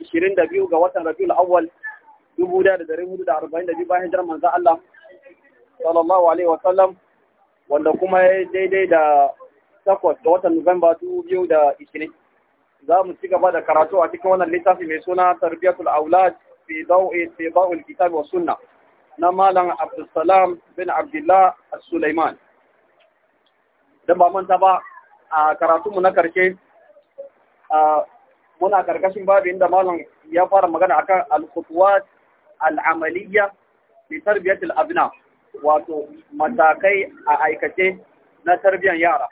22 ga watan Rabiul Awwal 1442 bayan hijirar manzon Allah sallallahu alaihi wa sallam wanda kuma ya daidai da takwas ga watan Nuwamba 2020 za mu ci gaba da karatu a cikin wannan littafi mai suna tarbiyatul aulad fi dawi fi dawi kitab wa sunna na malam Abdulsalam bin Abdullah As-Sulaiman dan ba manta ba a mu na karshe muna karkashin babu inda malam ya fara magana akan al-khutuwat al-amaliyya fi tarbiyat al-abna wato matakai a aikace na tarbiyyar yara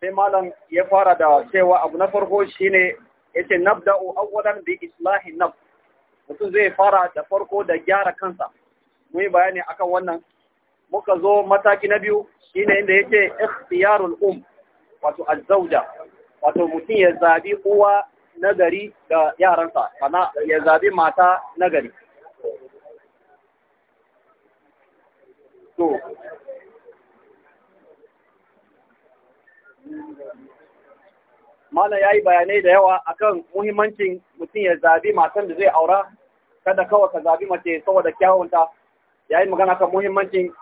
sai malam ya fara da cewa abu na farko shine yace nabda'u awwalan bi islahi nafs mutum zai fara da farko da gyara kansa mun yi bayani akan wannan muka zo mataki na biyu shine inda yake ikhtiyarul um wato azzauja wato mutum ya zabi uwa nagari ga yaransa mana ya zabi mata nagari Malam ya yi bayanai da yawa akan muhimmancin mutum ya zabi matan da zai aura kada kawai ka zabi mace saboda kyawunta ya yi magana kan muhimmancin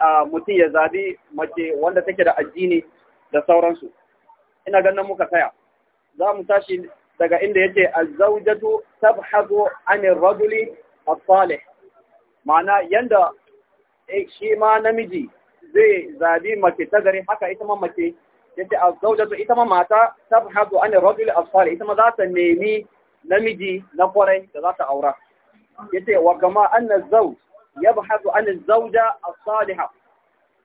ah, mutum ya zabi mace wanda take da addini da sauransu. ina ganin muka tsaya za mu tashi daga inda yake az tabhadu tabhasu 'ani ar-rajuli as-salih ma'ana yanda eh, shi ma namiji zai zabi mace ta gari haka ita ma mace yace az ita ma mata tabhadu 'ani ar-rajuli as-salih ita ma za ta nemi namiji na kwarai da za ta aura yace wa kama anna zawj yabhadu 'ani az-zawja as-salihah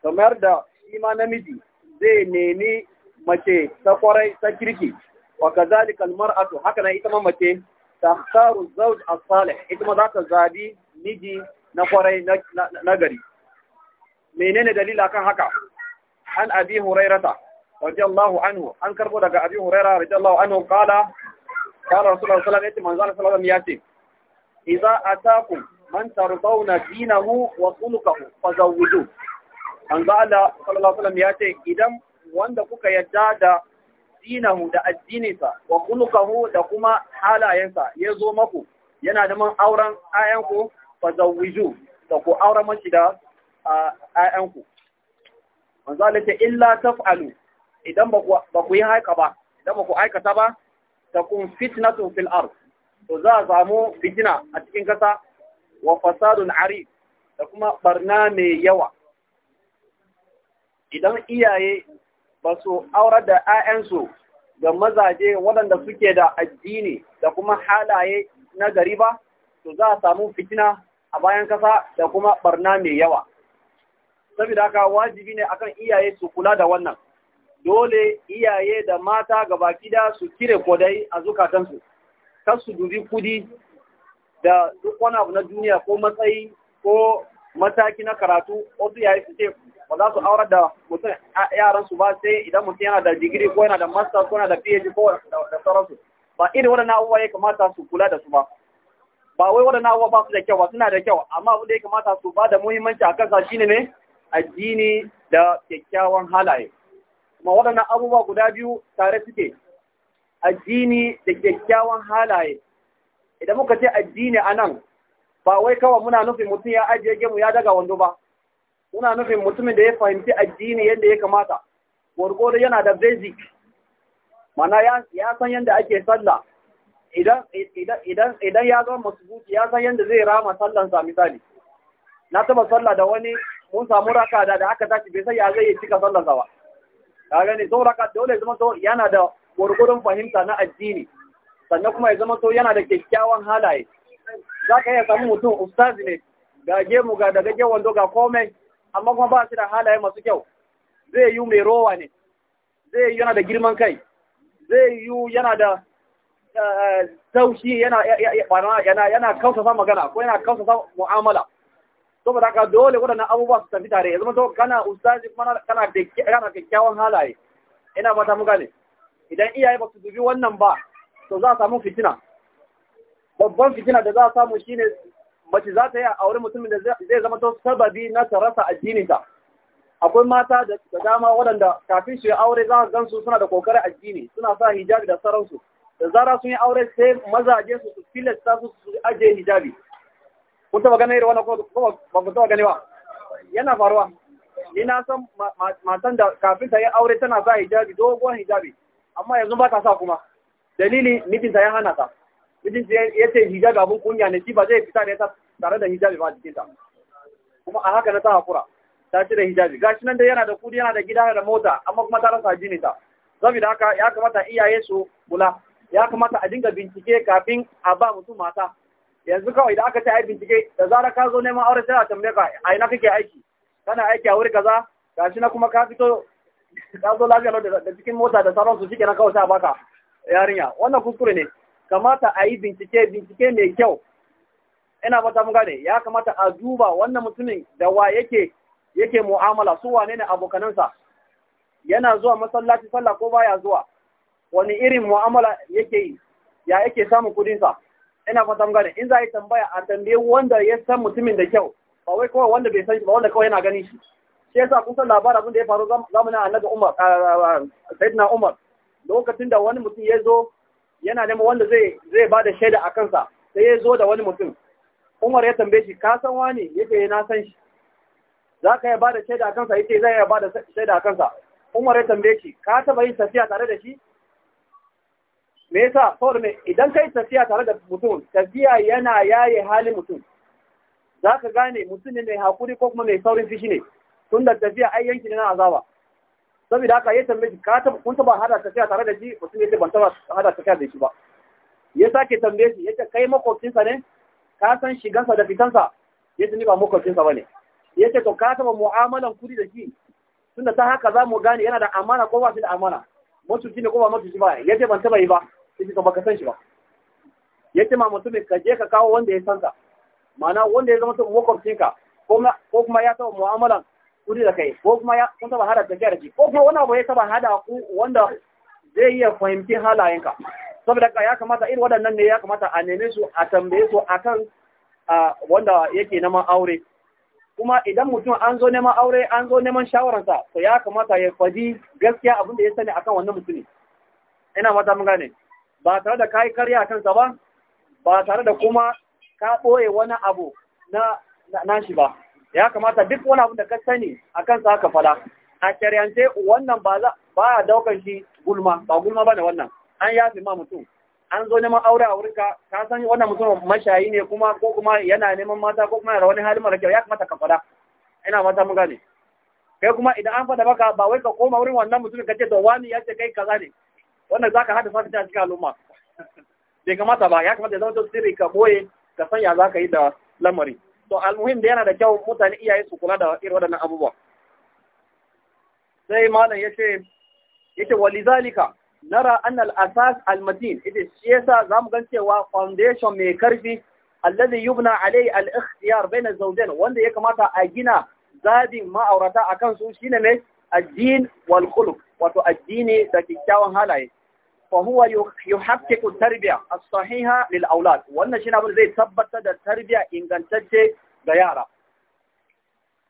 kamar da shi ma namiji zai nemi mace ta kwarai ta kirki wa kadhalika almar'atu haka na ita ma mace tahtaru zawj as-salih ita ma za ta zabi miji na kwarai na gari menene dalila kan haka an abi hurairata radiyallahu anu. an karbo daga abi hurairata radiyallahu anhu qala qala rasulullahi sallallahu alaihi wasallam manzal ya ce? Iza a ataakum man tarbauna dinahu wa khuluquhu fazawwiju an qala sallallahu ya ce idan wanda kuka yadda da dinahu da addininsa wa kulukahu da kuma halayensa ya zo maku yana da man auren ayanku fa zawiju da ku auren maki da ayanku manzo Allah ce illa taf'alu idan ba ku yi haika ba idan ba ku aikata ba takun fitnatun fil ard to za a samu fitina a cikin kasa wa fasadun ari da kuma barna mai yawa idan iyaye ba su aurar da 'ya'yansu ga mazaje waɗanda suke da addini da kuma halaye na gari ba, to za a samu fitina a bayan kasa da kuma barna mai yawa. Saboda haka wajibi ne akan iyaye su kula da wannan. Dole iyaye da mata gaba da su kire kodai a zukatansu, kar su dubi kudi da duk wani abu na duniya ko matsayi ko mataki na karatu wasu yayi su ce ba za su aurar da mutum yaran su ba sai idan mutum yana da digiri ko yana da master ko yana da PhD ko da sauransu ba irin waɗannan abubuwa ya kamata su kula da su ba ba wai waɗannan abubuwa ba su da kyau ba suna da kyau amma abin da ya kamata su ba da muhimmanci a kansa shine ne addini da kyakkyawan halaye kuma waɗannan abubuwa guda biyu tare suke addini da kyakkyawan halaye idan muka ce addini a nan ba wai kawai muna nufin mutum ya ajiye gemu ya daga wando ba muna nufin mutumin da ya fahimci addini yadda ya kamata gwargwado yana da basic mana ya san yadda ake sallah idan ya zama masubuci ya san yadda zai rama sallansa misali na taba sallah da wani mun samu raka da da aka tashi bai sai ya zai yi cika sallansa ba ka gani to raka dole zama to yana da gwargwadon fahimta na addini sannan kuma ya zama to yana da kyakkyawan halaye za ka iya samun mutum ustazi ne ga gemu ga daga wando ga komai amma kuma ba shi da halaye masu kyau zai yi mai rowa ne zai yi yana da girman kai zai yi yana da eh, taushi yana yana yana magana ko yana sa mu'amala saboda aka dole waɗannan abubuwa su tafi tare ya zama to kana ustazi kuma kana da kana kyakkyawan halaye ina fata muka ne idan iyaye ba su dubi wannan ba to za a samu fitina babban fitina da za a samu shine mace za ta yi a wurin mutumin da zai zama to sababi na ta rasa addininta akwai mata da dama waɗanda kafin su yi aure za su gansu suna da kokari addini suna sa hijabi da sauransu da zara sun yi aure sai mazaje su su filasta su su ajiye hijabi kun taɓa ganin irin wannan ko ba ku taɓa gani yana faruwa ni na san matan da kafin ta yi aure tana sa hijabi doguwar hijabi amma yanzu ba ta sa kuma dalili mijinta ya hana ta mijin ya ce hijabi abin kunya ne shi ba zai fita da ya tare da hijabi ba a jikinta kuma a haka na ta hakura ta ce da hijabi gashi nan da yana da kudi yana da gida da mota amma kuma ta rasa jini ta saboda haka ya kamata iyaye su kula ya kamata a dinga bincike kafin a ba mutum mata yanzu kawai da aka ce ai bincike da zara ka zo neman aure sai a tambaye ka a ina kake aiki kana aiki a wuri kaza gashi na kuma ka fito ka zo lafiya da cikin mota da sauransu shikenan kawai sai a baka yarinya wannan kuskure ne kamata a yi bincike bincike mai kyau ina mata mun ya kamata a duba wannan mutumin da wa yake yake mu'amala su wane ne abokanansa yana zuwa masallaci sallah ko baya zuwa wani irin mu'amala yake yi ya yake samun sa ina fata mun in za a yi tambaya a tambaye wanda ya san mutumin da kyau ba wai kawai wanda bai san shi ba wanda kawai yana gani shi shi yasa kun san labarin abin da ya faru zamanin annabi Umar sayyidina Umar lokacin da wani mutum ya zo yana neman wanda zai zai ba da shaida a kansa sai ya zo da wani mutum Umar ya tambaye shi ka san wani ce eh, na san shi za ka yi ba da shaida a kansa ce zai ya ba da shaida a kansa Umar ya tambaye shi ka taba yin tafiya tare da shi me yasa saboda me idan kai tafiya tare da mutum tafiya yana yaye halin mutum za ka gane mutum ne mai hakuri ko kuma mai saurin fishi ne tun da tafiya ai yanki ne na azaba saboda haka ya tambaye ka ta kun ba hada tafiya tare da shi mutum yake ban ba hada kai da shi ba ya sake tambaye shi yace kai sa ne ka san shigansa da fitansa yace ni ba sa bane yace to ka ta mu'amalan kudi da shi tunda ta haka za mu gane yana da amana ko ba shi da amana mutunci ne ko ba mutunci ba yace ban ta yi ba yace to baka san shi ba yace ma mutum ka je ka kawo wanda ya san ka ma'ana wanda ya zama ka ko kuma ya ta mu'amalan kudi da kai ko kuma kun taba hada tafiya da shi ko kuma wani abu ya taba hada ku wanda zai iya fahimci halayenka saboda ka ya kamata irin waɗannan ne ya kamata a neme su a tambaye su akan wanda yake neman aure kuma idan mutum an zo neman aure an zo neman shawararsa to ya kamata ya faɗi gaskiya abin da ya sani akan wannan mutumin ina mata mun gane ba tare da kai karya a kansa ba ba tare da kuma ka ɓoye wani abu na nashi ba ya kamata duk wani abu da ka sani a kansa haka fada a shari'ance wannan ba ba ya daukan shi gulma ba gulma ba ne wannan an yafi ma mutum an zo neman aure a wurinka ka san wannan mutum mashayi ne kuma ko kuma yana neman mata ko kuma yana wani halin mara kyau ya kamata ka fada ina mata mun gane kai kuma idan an fada maka ba wai ka koma wurin wannan mutumin ka ce to wani ya ce kai kaza ne wannan zaka hada fata a cikin al'umma bai kamata ba ya kamata ya zama sirri ka boye ka san ya zaka yi da lamari to almuhim da yana da kyau mutane iyaye su kula da irin waɗannan abubuwa sai malam yace yace walizalika nara an al-asas al ita shi yasa zamu gan cewa foundation mai karfi alladhi yubna alai al-ikhtiyar bayna zawjain wanda ya kamata a gina zabin ma'aurata akan su shine ne addin wal khuluq wato addini da kikkiawan halaye fa huwa ku tarbiya a sahiha lil aulad wannan shi abin zai tabbatar da tarbiya ingantacce ga yara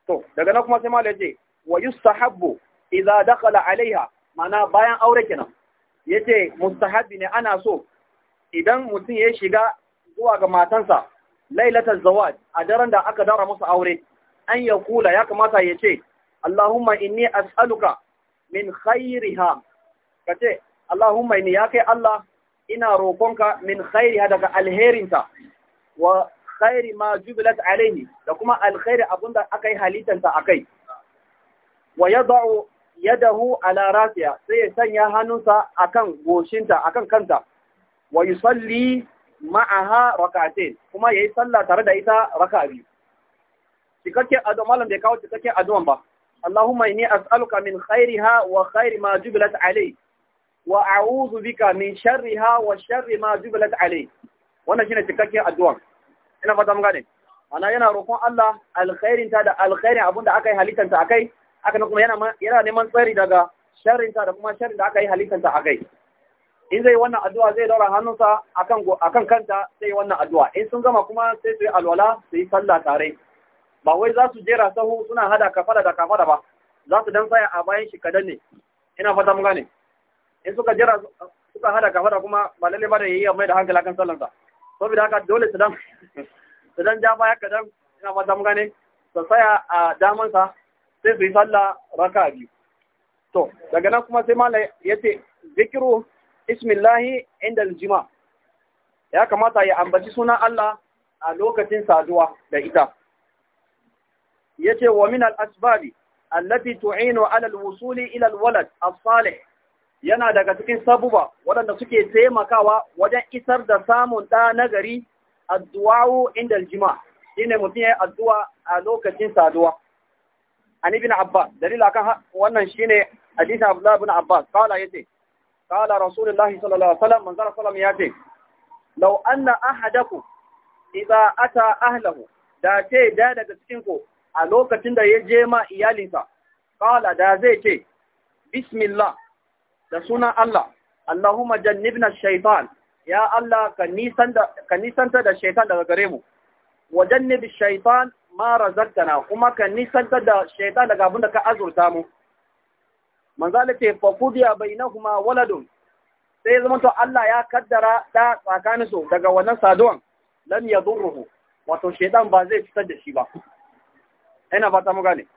to daga nan kuma sai malai ce wa yustahabbu iza dakala alaiha mana bayan aure kenan yace mustahabi ne ana so idan mutum ya shiga zuwa ga matansa lailatar Zawad a daren da aka dara musu aure an ya kula ya kamata ya ce Allahumma inni as'aluka min khairiha kace Allahumma inni ya kai Allah ina roƙonka min khairiha daga alherinta wa khairi ma jubilat alaihi da kuma alkhairi abunda akai halittanta kai. wa yad'u yadahu ala rasiya sai ya sanya hannunsa kan goshinta akan kanta wa yusalli ma'aha rak'atayn kuma yayi sallah tare da ita raka'a biyu cikakken addu'a malam bai kawo cikakken addu'an ba Allahumma inni as'aluka min khairiha wa khairi ma jubilat alaihi wa a'udhu bika min sharriha wa sharri ma jubilat alai wannan shine cikakken addu'a ina fata mun gane ana yana roƙon Allah alkhairin ta da alkhairin abinda aka yi halittanta akai aka kuma yana yana neman tsari daga sharrin ta da kuma sharrin da aka yi halittanta akai in zai wannan addu'a zai daura hannunsa akan akan kanta sai wannan addu'a in sun gama kuma sai su yi alwala su yi sallah tare ba wai za su jera sahu suna hada kafada da kafada ba za su dan tsaya a bayan shi kadan ne ina fata mun gane in suka jira suka hada kafa da kuma ba lalle ba da yayi mai da hankali kan sallan sa saboda haka dole su dan su dan ja baya kadan ina ma mun gane su tsaya a daman sa sai su yi sallah raka'a biyu to daga nan kuma sai malai yace zikru ismillahi inda aljima ya kamata ya ambaci sunan Allah a lokacin saduwa da ita yace wa min al-asbabi allati tu'inu ala al-wusuli ila al-walad as-salih yana daga cikin sabuba waɗanda suke taimakawa wajen isar da samun ɗa nagari addu'a'u inda aljima ne mutum ya yi addu'a a lokacin saduwa an ibn Abba dalila akan wannan shi ne hadisi abdullah ibn kawala ya ce kawala rasulullahi sallallahu alaihi wasallam manzara sallam yace law anna ahadakum idza ata ahlahu da ce da daga cikin ku a lokacin da ya je ma iyalinsa kala da zai ce bismillah da sunan Allah Allahumma jannibna shaitan ya Allah ka nisanta da shaitan daga gare mu wa jannibi shaitan mara razaqtana kuma ka nisanta da shaitan daga abinda ka azurta mu manzala ce bai qudiya bainahuma waladun sai zama to Allah ya kaddara da tsakanin su daga wannan saduwan lam yadurruhu wato shaitan ba zai fitar da shi ba ina fata mu gane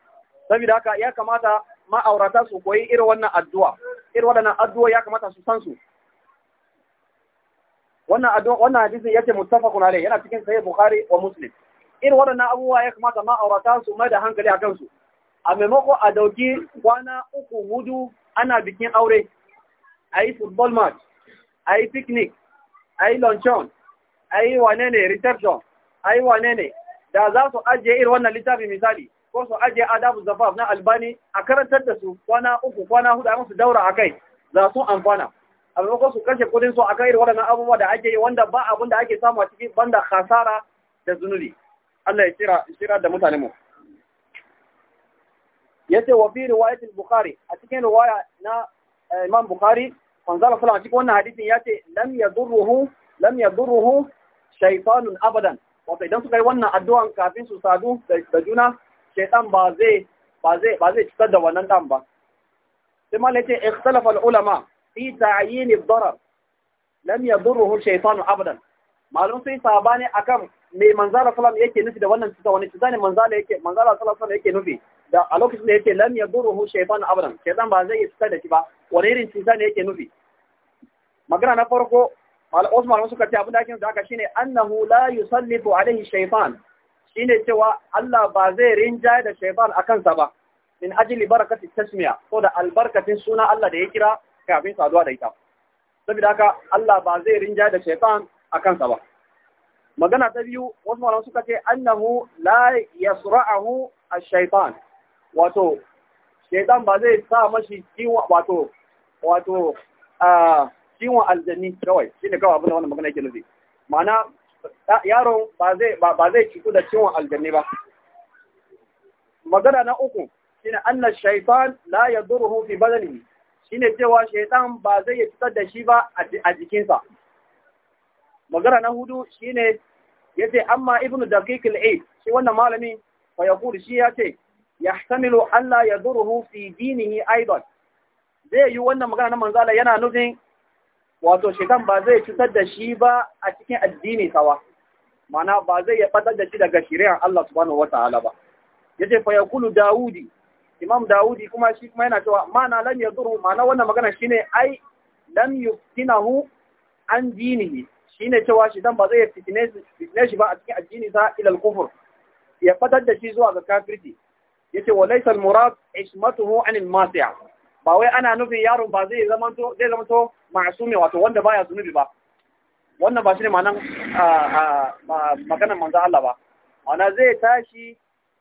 saboda haka ya kamata ma'aurata su koyi irin wannan addu'a irin waɗannan addu'o ya kamata su san su wannan addu'a wannan hadisin yake muttafaqun alayhi yana cikin sahih bukhari wa muslim irin waɗannan abubuwa ya kamata ma'aurata su mai da hankali a kansu a maimako a dauki kwana uku hudu ana bikin aure a yi football match a yi picnic a yi luncheon a yi wane ne reception a yi wane da za su ajiye irin wannan littafin misali ko su aje adabu zafaf na albani a karantar da su kwana uku kwana hudu a musu daura a kai za su amfana a maimakon su kashe kudin su akan irin waɗannan abubuwa da ake yi wanda ba abin da ake samu a ciki banda khasara da zunubi Allah ya tsira tsira da mutane mu yace wa fi riwayatil bukhari a cikin riwaya na eh, imam bukhari manzala sallallahu cikin wannan hadisin yace lam yadurruhu lam yadurruhu shaytanun abadan wato idan suka yi wannan addu'an kafin su sadu da juna shaitan ba zai ba zai ba zai cutar da wannan dan ba sai ma lace ikhtalafa ulama fi ta'yin ad-darar lam yadurruhu shaitan abadan malum sai sabani akan me manzala sallallahu yake nufi da wannan cuta wani cuta ne manzala yake manzala sallallahu yake nufi da a lokacin da yake lam yadurruhu shaitan abadan shaitan ba zai cutar da shi ba wani irin cuta ne yake nufi magana na farko Osman suka ce abin da ake nufi haka shine annahu la yusallitu alaihi shaitan shine cewa Allah ba zai rinjaye da shaitan a kansa ba min ajili barakati tasmiya ko da albarkatin suna Allah da ya kira kafin saduwa da ita saboda haka Allah ba zai rinjaye da shaitan a kansa ba magana ta biyu wasu malamu suka ce annahu la yasra'ahu ash-shaytan wato shaitan ba zai sa mashi ciwon wato wato ciwon ah, aljanni kawai shine kawai abin da wannan magana yake nufi ma'ana yaron ba zai ciku da ciwon aljanni ba magana na uku shine anna shaytan la yadurruhu fi shine cewa shaytan ba zai fitar da shi ba a jikinsa magana na hudu shine yace amma ibnu daqiq al-aid shi wannan malami fa yaqulu shi yace yahtamilu allah la yadurruhu fi dinihi aidan zai yi wannan magana na manzala yana nufin wato shaitan ba zai cutar da shi ba a cikin addini sawa mana ba zai ya fadar da shi daga shari'ar Allah subhanahu Ta'ala ba yace faya Kulu daudi imam daudi kuma shi kuma yana cewa mana lam yaduru mana wannan magana shine ai lam yuftinahu an dinihi shine cewa shaitan ba zai ya fitine shi ba a cikin addini sa ila al-kufr ya fadar da shi zuwa ga kafirci yace wa laysa al-murad ismatuhu anil masiya ba wai ana nufin yaron ba zai zama to zai zama to ma'asumi wato wanda baya zunubi ba wannan ba shine ma'anan maganar manzo Allah ba ana zai tashi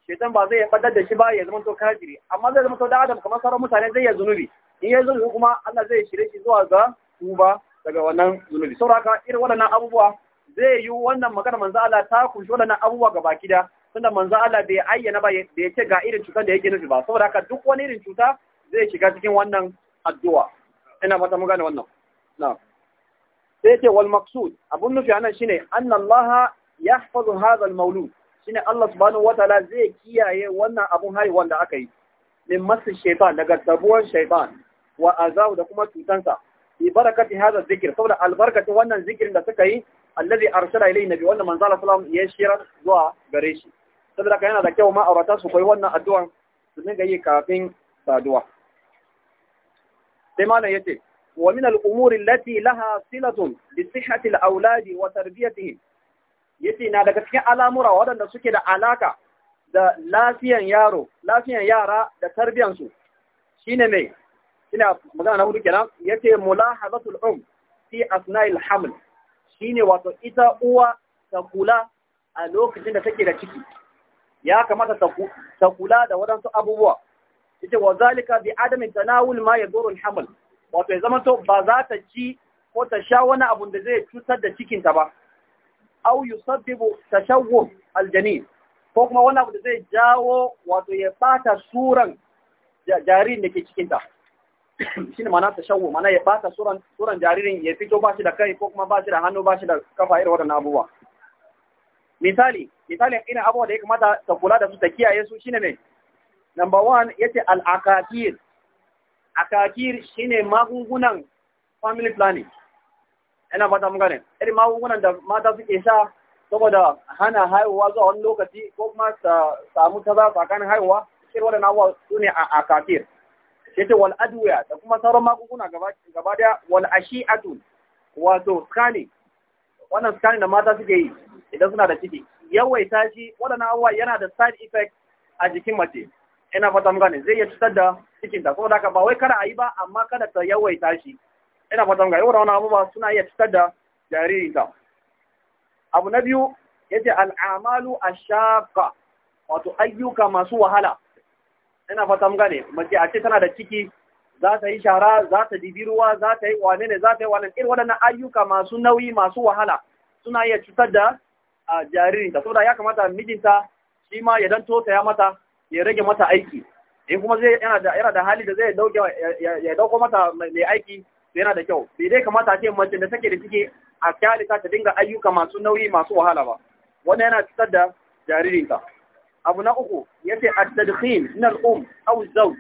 shaitan ba zai fadar da shi ba ya zama to kafiri amma zai zama to da adam kamar sauran mutane zai ya zunubi in ya zunubi kuma Allah zai shirye shi zuwa ga tuba daga wannan zunubi saboda irin waɗannan abubuwa zai yi wannan maganar manzo Allah ta kunshi waɗannan abubuwa ga baki da. tunda manzo Allah bai ayyana ba da ce ga irin cutar da yake nufi ba saboda haka duk wani irin cuta zai shiga cikin wannan addu'a ina fata mun gane wannan na'am sai ce wal maqsud abun nufi anan shine anna ya yahfazu hadha maulu. mawlud shine Allah subhanahu watala zai kiyaye wannan abun hai wanda aka yi min masu shaytan daga tabuwar shaytan wa azahu da kuma cutansa bi barakati hadha zikir. saboda albarkacin wannan zikirin da suka yi allazi arsala ilayhi nabi wannan manzo Allah sallallahu alaihi wasallam ya shirar zuwa gare shi saboda yana da kyau ma'aurata su koyi wannan addu'an su dinga yi kafin saduwa sai malam yace wa min al'umuri lati laha silatun bi sihhati al-awladi wa yace na daga cikin al'amura waɗanda suke da alaka da lafiyan yaro lafiyan yara da tarbiyan su shine mai ina magana na hudu kenan yace mulahazatul um fi asna'il haml shine wato ita uwa ta kula a lokacin da take da ciki ya kamata ta kula da waɗansu abubuwa yace wa zalika bi adami tanawul ma ya al-hamal wato ya zama to ba za ta ci ko ta sha wani abun da zai cutar da cikin ta ba aw yusabbibu tashawwur al-janin ko kuma wani abu da zai jawo wato ya bata suran jaririn da ke cikin ta shine ma'ana tashawwur ma'ana ya bata suran suran jaririn ya fito ba shi da kai ko kuma ba shi da hannu ba shi da kafa irin waɗannan abubuwa misali misalin irin abubuwa da ya kamata ta kula da su ta kiyaye su shine ne number one yace al-akakir akakir shine magungunan family planning ena bata mun gane irin magungunan da mata suke sha saboda hana haihuwa zuwa wani lokaci ko kuma samu ta za tsakanin haihuwa irin wadannan abubuwa su ne a akakir yace wal adwiya da kuma sauran magunguna gaba gaba daya wal ashi'atu wato scanning wannan scanning da mata suke yi idan suna da ciki yawaita shi wadannan abubuwa yana da side effect a jikin mace ina fata mun gane zai iya cutar da cikinta saboda haka ba wai kada a yi ba amma kada ta yawaita shi ina fata mun gane wannan abu ba suna iya cutar da jaririnta abu na biyu yace al'amalu ashaqa wato ayyuka masu wahala ina fata mun gane mace a ce tana da ciki za ta yi shara za ta dibi ruwa za ta yi wane ne za ta yi wane irin waɗannan ayyuka masu nauyi masu wahala suna iya cutar da jaririnta saboda ya kamata mijinta shi ma ya ta ya mata ya rage mata aiki in kuma zai yana da yana da hali da zai dauke ya dauko mata mai aiki yana da kyau Sai dai kamata a ce mace da take da ciki a kyalita ta dinga ayyuka masu nauyi masu wahala ba wannan yana fitar da jaririnka abu na uku yace at-tadkhin min al-um aw az-zawj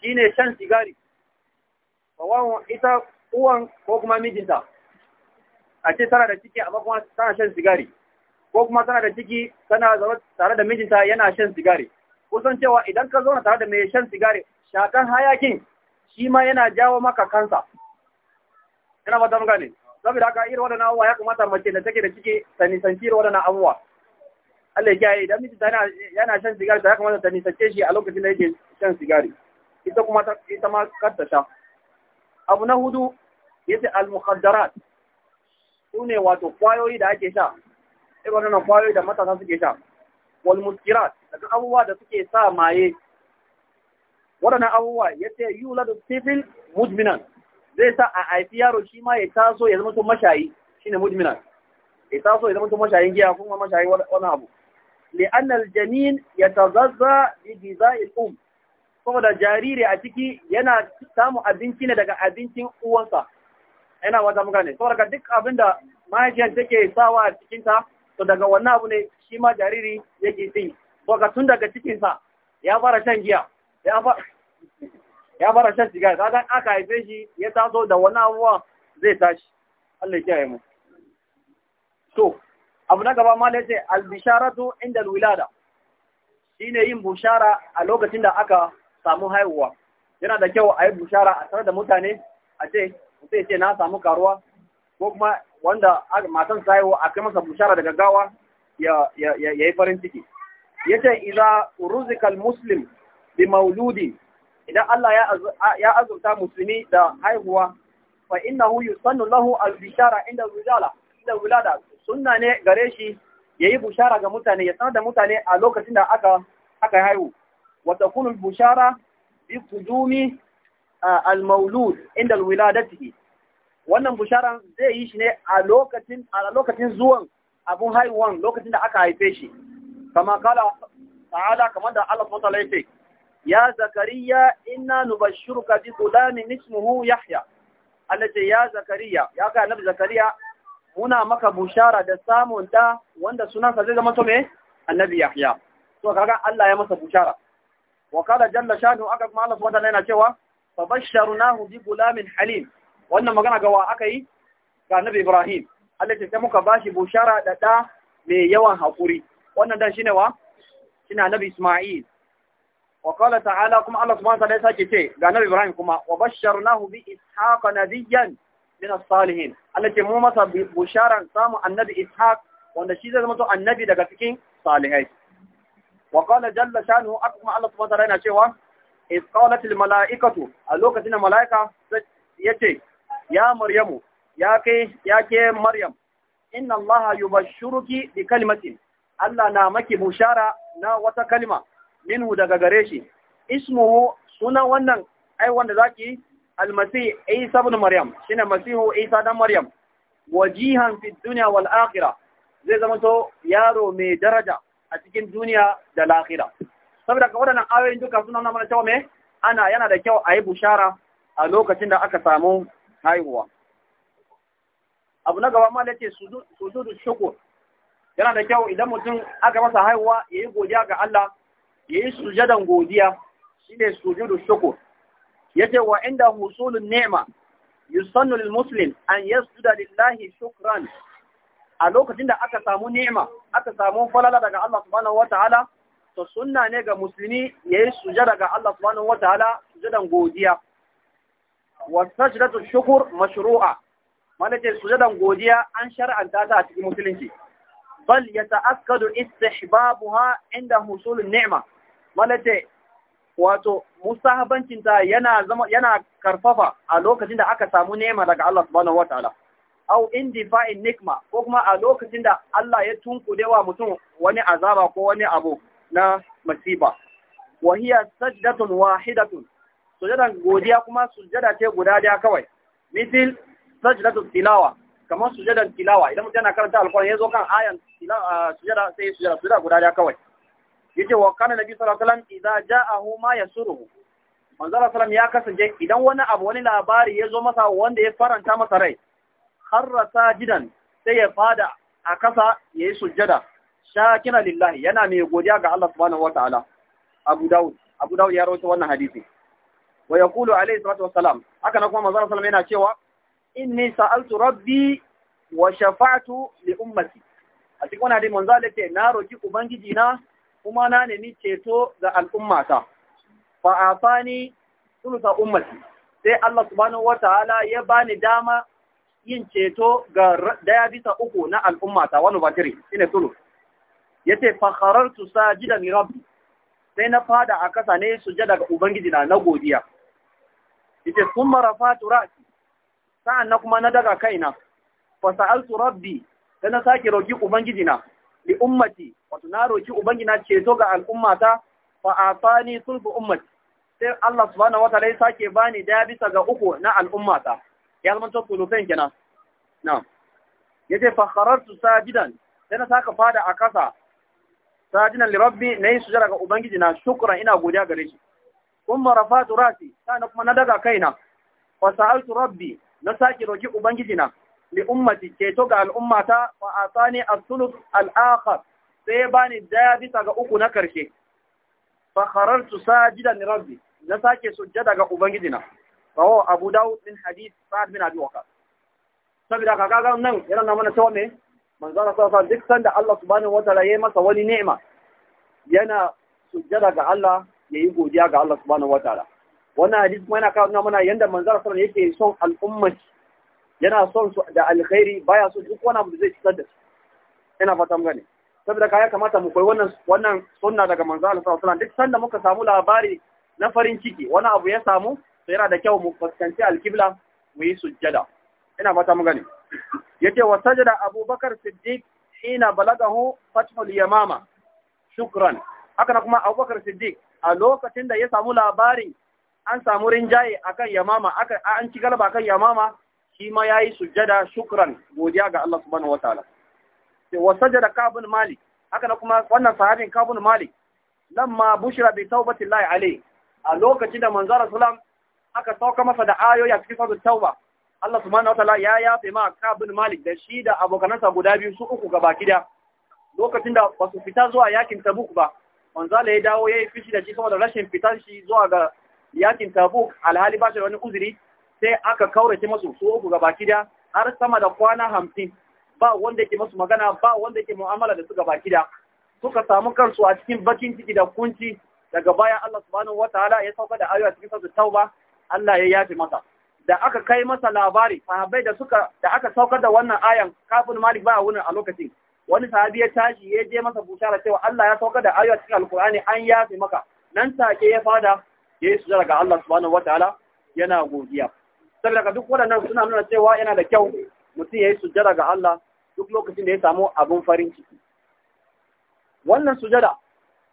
shine shan sigari bawan ita uwan ko kuma mijinta a ce tana da ciki amma kuma tana shan sigari ko kuma tana da ciki tana zaune tare da mijinta yana shan sigari kusan cewa idan ka zauna tare da mai shan sigari shakan hayakin shi ma yana jawo maka kansa ina ba ta mun gane saboda haka irin waɗannan abubuwa ya kamata mace da take da ciki ta nisanci irin waɗannan abubuwa Allah ya idan miji yana shan sigari ta ya kamata ta nisance shi a lokacin da yake shan sigari ita kuma ita ma kar ta sha abu na hudu yace al su ne wato kwayoyi da ake sha irin wannan kwayoyi da matasa suke sha wal muskirat daga abubuwa da suke sa maye waɗannan abubuwa ya ce yi wula da stephen mudminan zai sa a haifi yaro shi ma ya taso ya zama mashayi shi ne mudminan ya taso ya zama tun mashayin giya kuma mashayi wani abu li'annal janin ya tazazza bi giza'il um saboda jariri a ciki yana samun abinci ne daga abincin uwansa yana wata magana. saboda duk abin da mahaifiyar take sawa a cikinta to daga wannan abu ne shi ma jariri yake ci to tun daga cikinsa ya fara shan giya ya fara shan siga kaga aka haife shi ya taso da wannan abuwa zai tashi Allah ya kiyaye mu to abu na gaba mala yace albisharatu inda wilada shine yin bushara a lokacin da aka samu haihuwa yana da kyau a yi bushara a tare da mutane a ce mutum ya ce na samu karuwa ko kuma wanda matan sa yawo a kai masa bushara da gaggawa ya yi farin ciki yace idza ruzikal muslim bi mauludi idan Allah ya azurta musulmi da haihuwa fa innahu yusannu lahu al-bishara inda wijala inda wulada sunna ne gare shi yayi bushara ga mutane ya sanar da mutane a lokacin da aka aka haihu wa kunun bushara bi qudumi al-mawlud inda wiladatihi wannan bushara zai yi shi ne a lokacin a lokacin zuwan abun haihuwan lokacin da aka haife shi kama kala ta'ala kamar da Allah ta'ala yake ya zakariya inna nubashshiruka bi gulamin ismuhu yahya allati ya zakariya ya ga nabi zakariya muna maka bushara da samun da wanda sunansa zai zama to me annabi yahya to kaga Allah ya masa bushara wa kala jalla shanu aka kuma Allah subhanahu wa ta'ala yana cewa fa basharnahu bi gulamin halim wannan magana ga aka yi ga annabi Ibrahim Allah ce sai muka bashi bushara da da mai yawan haƙuri. wannan dan shi ne wa shine annabi Isma'il wa qala ta'ala kuma Allah subhanahu wa ta'ala sake ce ga annabi Ibrahim kuma wa basharnahu bi ishaqa biyan? min as-salihin Allah ce mu masa busharan samu annabi Ishaq wanda shi zai zama to annabi daga cikin salihai wa qala jalla shanuhu kuma Allah ta subhanahu wa ta'ala yana cewa a lokacin da mala'ika ya ce. ya maryamu ya kai ya ke maryam inna allaha yubashshuruki bi kalimatin Allah na maki bushara na wata kalma minhu daga gare shi ismuhu sunan wannan ai wanda zaki almasih isa ibn maryam shine masihu isa dan maryam wajihan fi dunya wal akhirah zai zama to yaro mai daraja a cikin duniya da lahira saboda ka waɗannan ayoyin duka suna mana cewa me ana yana da kyau a yi bushara a lokacin da aka samu haihuwa abu na gaba ma da ce sujudu shukur yana da kyau idan mutum aka masa haihuwa ya yi godiya ga Allah ya yi sujadan godiya shi ne sujudu shukur ya ce wa inda husulun nema yusannu lil muslim an yasjuda lillahi shukran a lokacin da aka samu nema, aka samu falala daga Allah subhanahu ta'ala, to sunna ne ga musulmi ya yi sujada ga Allah subhanahu ta'ala sujadan godiya wasajdatu shukur mashru'a mana ce sujadan godiya an shar'anta ta a cikin musulunci bal yata'akkadu istihbabuha inda husulun ni'ma mana ce wato mustahabancin yana yana karfafa a lokacin da aka samu ni'ma daga Allah subhanahu wataala aw indifa'in nikma ko kuma a lokacin da Allah ya wa mutum wani azaba ko wani abu na masiba wa sajdatun wahidatun sujadan godiya kuma sujada ce guda daya kawai mithil sajdatu tilawa kamar sujadan tilawa idan mutum yana karanta ya yazo kan ayan sujada sai sujada sujada guda daya kawai yace wa kana nabi sallallahu alaihi wasallam idza ja'ahu ma yasuruhu manzara salam ya kasance idan wani abu wani labari ya zo masa wanda ya faranta masa rai harra sajidan sai ya fada a kasa ya yi shakina lillahi yana mai godiya ga Allah subhanahu wataala Abu daud Abu daud ya rawaito wannan hadisi wa kulu alayhi salatu wassalam haka na kuma manzon Salam yana cewa inni sa'altu rabbi wa shafa'tu li ummati a cikin wannan hadisi manzon yace na roki ubangiji na kuma na nemi ceto ga al'ummata fa afani sulusa ummati sai Allah subhanahu wataala ya bani dama yin ceto ga daya bisa uku na al'ummata wani batiri shine sulus yace fa kharartu sajidan rabbi sai na fada a kasa ne sujjada ga ubangiji na na godiya sun mara fatu ra'si sa'an na kuma na daga kaina fa sa'altu rabbi sai na sake roƙi ubangiji na li ummati wato na roƙi ubangiji na ceto ga al'ummata fa a afani sulbu ummati sai Allah Su Bani wata rai sake bani daya bisa ga uku na al'ummata ya zama to sulufen kenan na yace fa sa sajidan sai na saka fada a kasa sajinan li na yin sujada ga ubangiji na shukran ina godiya gare shi Kun turasi rasi na kuma na daga kaina wa sa'altu rabbi na sake roki ubangiji na li ummati ceto ga al'ummata wa asani as-sulus al-akhar sai bani daya bisa ga uku na karshe fa kharartu sajidan li rabbi na sake sujada ga ubangiji na wa abu daud min hadith sa'd bin abi waqas saboda ga nan yana mana cewa me manzara sa duk sanda Allah subhanahu wataala yayi masa wani ni'ima yana sujjada ga Allah yayi godiya ga Allah subhanahu wataala wannan hadisi kuma yana kawo mana yanda manzara sa yake son al'umma yana son su da alkhairi baya so duk wani abu da zai cutar da su ina fata mun gane saboda ya kamata mu koyi wannan wannan sunna daga manzara sallallahu alaihi duk sanda muka samu labari na farin ciki wani abu ya samu sai yana da kyau mu fuskanci alkibla mu yi sujjada ina fata mun gane yace wa sajada abubakar siddiq hina balagahu fathul yamama shukran haka kuma abubakar siddiq a lokacin da ya samu labarin an samu rinjaye akan yamama aka an ci galaba akan yamama shi ma yayi sujjada shukran godiya ga Allah subhanahu wataala wa sajada kabun malik haka kuma wannan sahabin kabun malik lamma bushra bi tawbati Allah alayhi a lokacin da manzara sallam aka sauka masa da ayoyi a cikin tauba Allah subhanahu wataala ya yafe ma a bin Malik da shi da abokanansa guda biyu su uku gaba kida lokacin da basu fita zuwa yakin Tabuk ba manzala ya dawo yayi fishi da shi saboda rashin fitar shi zuwa ga yakin Tabuk alhali ba shi wani uzuri sai aka kaurace masu su uku gaba kida har sama da kwana hamsin ba wanda yake masu magana ba wanda yake mu'amala da su gaba kida suka samu kansu a cikin bakin ciki da kunci daga baya Allah subhanahu wataala ya sauka da ayyuka cikin sautu tauba Allah ya yafe masa da aka kai masa labari sahabbai da suka da aka saukar da wannan ayan kafin malik ba wurin a lokacin wani sahabi ya tashi ya je masa bushara cewa Allah ya saukar da ayoyi cikin alkur'ani an yafe maka nan take ya fada ya yi sujada ga Allah subhanahu wataala yana godiya saboda duk waɗannan suna nuna cewa yana da kyau mutum ya yi sujada ga Allah duk lokacin da ya samu abin farin ciki wannan sujada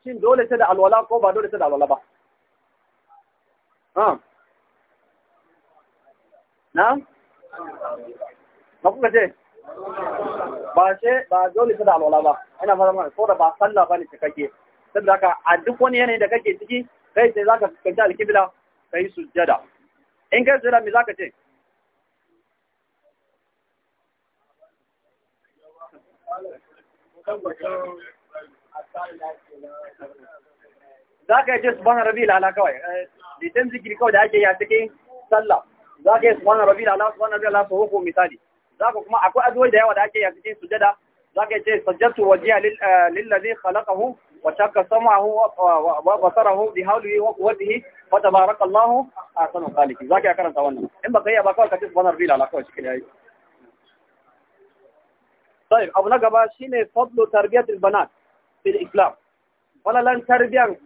shin dole ta da alwala ko ba dole ta da alwala ba ah. na? ba kuka ce ba ce ba dole ta da alwala ba ina fara mana ko da ba sallah ba ne ta kake saboda haka a duk wani yanayi da kake ciki kai sai za zaka fuskanci alkibla kai sujjada in kai sujjada me za ka ce za ka yi ce ban rabi lala kawai litin eh, zikiri kawai da ake yi a cikin sallah zaka yi subhanar rabbi da Allah subhanar rabbi Allah sau uku misali zaka kuma akwai azwai da yawa da ake yi a cikin sujada za ka ce sajjatu wajiya lillazi khalaqahu wa shakka samahu wa basarahu bi hawlihi wa quwwatihi fa tabaraka Allah ahsanu khaliqi zaka ka karanta wannan in baka yi ba kawai ka ce subhanar rabbi da Allah kawai cikin yayi طيب أبو نجبة شين فضل تربية البنات في الإسلام ولا لن تربية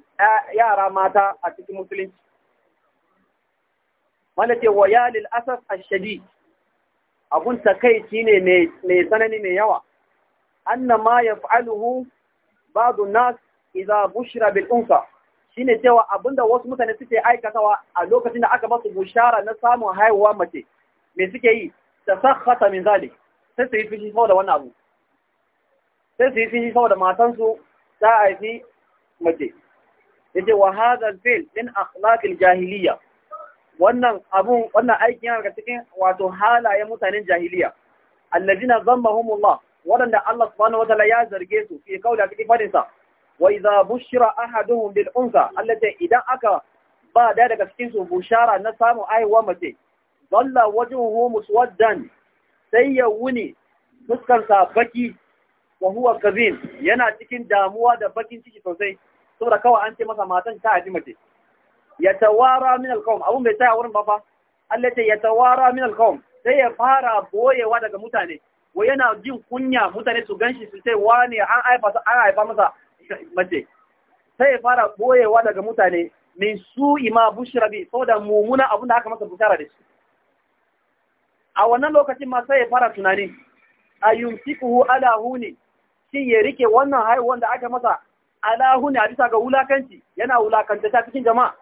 يا راماتا أتيت مسلمين Mana ce wa yalil asas a shadi abun ta takaici ne mai tsanani mai yawa. na ma ya fa'aluhu ba'du nas iza bushra bil unsa ne cewa abinda wasu mutane suke aikatawa a lokacin da aka basu bushara na samun haihuwa mace mai suke yi ta tasakhata min zali sai su yi fushi saboda wannan abu sai su yi fushi da matansu ta haifi mace ce wa hadha fil min jahiliyya wannan abun wannan aikin yana daga cikin wato halayen mutanen jahiliya allazina zammahumullah waɗanda Allah subhanahu wa ya zarge su fi kaula cikin fadin sa wa idza bushira ahaduhum bil unsa allati idan aka ba da daga cikin su bushara na samu aiwa mace dalla wajhuhu muswaddan sai ya wuni fuskar sa baki wa huwa kazim yana cikin damuwa da bakin ciki sosai saboda kawai an ce masa matan ta aji mace yatawara min alqawm abun bai tsaya wurin ba fa Allah ya yatawara min alqawm sai ya fara boyewa daga mutane wai yana jin kunya mutane su ganshi su sai wani an haifa an aifa masa mace sai ya fara boyewa daga mutane min su ima bushra bi saboda mumuna abun da aka masa bushara da shi a wannan lokacin ma sai ya fara tunani a yumsikuhu ala huni shin ya rike wannan haihuwan da aka masa ala huni a bisa ga wulakanci yana wulakanta ta cikin jama'a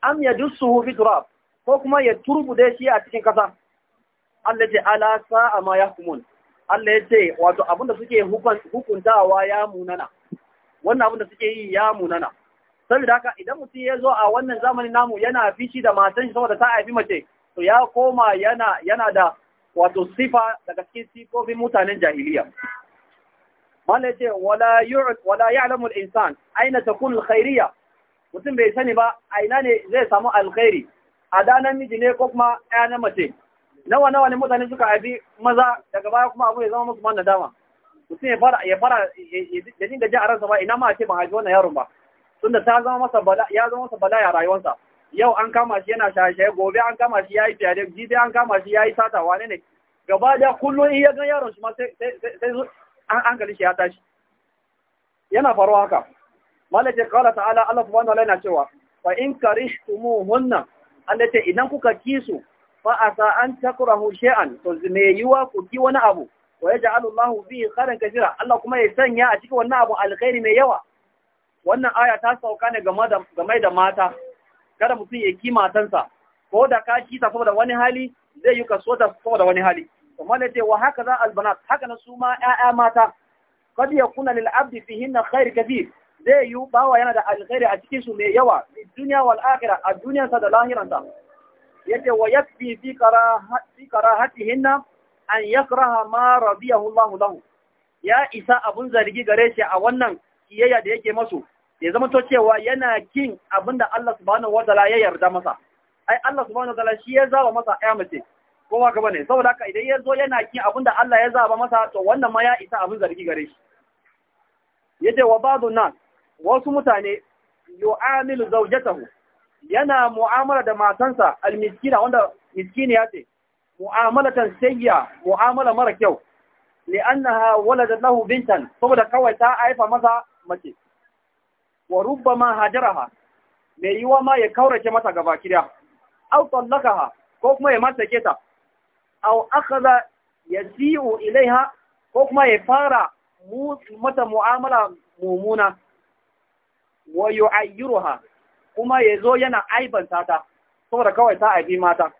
am ya dusu fi turab ko kuma ya turbude shi a cikin kasa Allah ce ala sa'a ma yahkumun Allah ya ce wato abin da suke hukuntawa ya munana wannan abin suke yi ya munana saboda haka idan mutum ya zo a wannan zamanin namu yana fishi da matan shi saboda ta haifi mace to ya koma yana yana da wato sifa daga cikin sifofin mutanen jahiliya ya ce wala yu'lam wala al-insan aina takun al mutum bai sani ba a ina ne zai samu alkhairi a da namiji ne ko kuma ɗaya na mace nawa nawa ne mutane suka haifi maza daga baya kuma abu ya zama musu man nadama mutum ya fara ya fara ya dinga ji a ransa ba ina ma ce ban haifi wannan yaron ba tunda ta zama masa bala ya zama masa bala a rayuwarsa yau an kama shi yana shaye-shaye gobe an kama shi yayi fiyade jibi an kama shi yayi sata wane ne gaba da kullum in ya ga yaron shi ma sai sai an hankali shi ya tashi yana faruwa haka malaka kala ta'ala Allah subhanahu wa ta'ala yana cewa fa in karihtumuhunna Allah ce idan kuka kisu fa asa an takrahu shay'an to me yiwa ku ki wani abu wa yaj'alu Allahu bihi khairan katira Allah kuma ya sanya a cikin wannan abu alkhairi mai yawa wannan aya ta sauka ne game da game da mata kada mutum ya ki matansa ko da ka ki ta saboda wani hali zai yi kaso ta saboda wani hali kuma ne ce wa haka za albanat haka na su ma ƴaƴa mata kad yakuna lil abdi fihinna khair kathir zai yi bawa yana da alkhairi a cikin su mai yawa duniya wal akhirah a duniyarsa da lahiransa yace wa yakfi fi karaha fi karahatihinna an yakraha ma radiyahu Allah lahu ya isa abun zargi gare shi a wannan kiyayya da yake masu ya zama to cewa yana kin abinda Allah subhanahu wataala ya yarda masa ai Allah subhanahu wataala shi ya zaba masa ya mace kowa gaba ne saboda haka idan ya zo yana kin abinda Allah ya zaba masa to wannan ma ya isa abun zargi gare shi yace wa ba'dun nas wasu mutane yu'amilu Zaujatahu, yana mu'amala da matansa almiskina wanda miskini ya mu'amalatan sayya mu'amala mara kyau li'annaha waladat lahu bintan saboda kawai ta haifa masa mace wa rubbama hajaraha mai yiwa ma ya kaurace mata gaba kida aw tallakaha ko kuma ya mata keta aw akhadha yasi'u ilaiha ko kuma ya fara mata mu'amala mumuna wa yu'ayyiruha kuma yazo yana aibanta ta saboda kawai ta aibi mata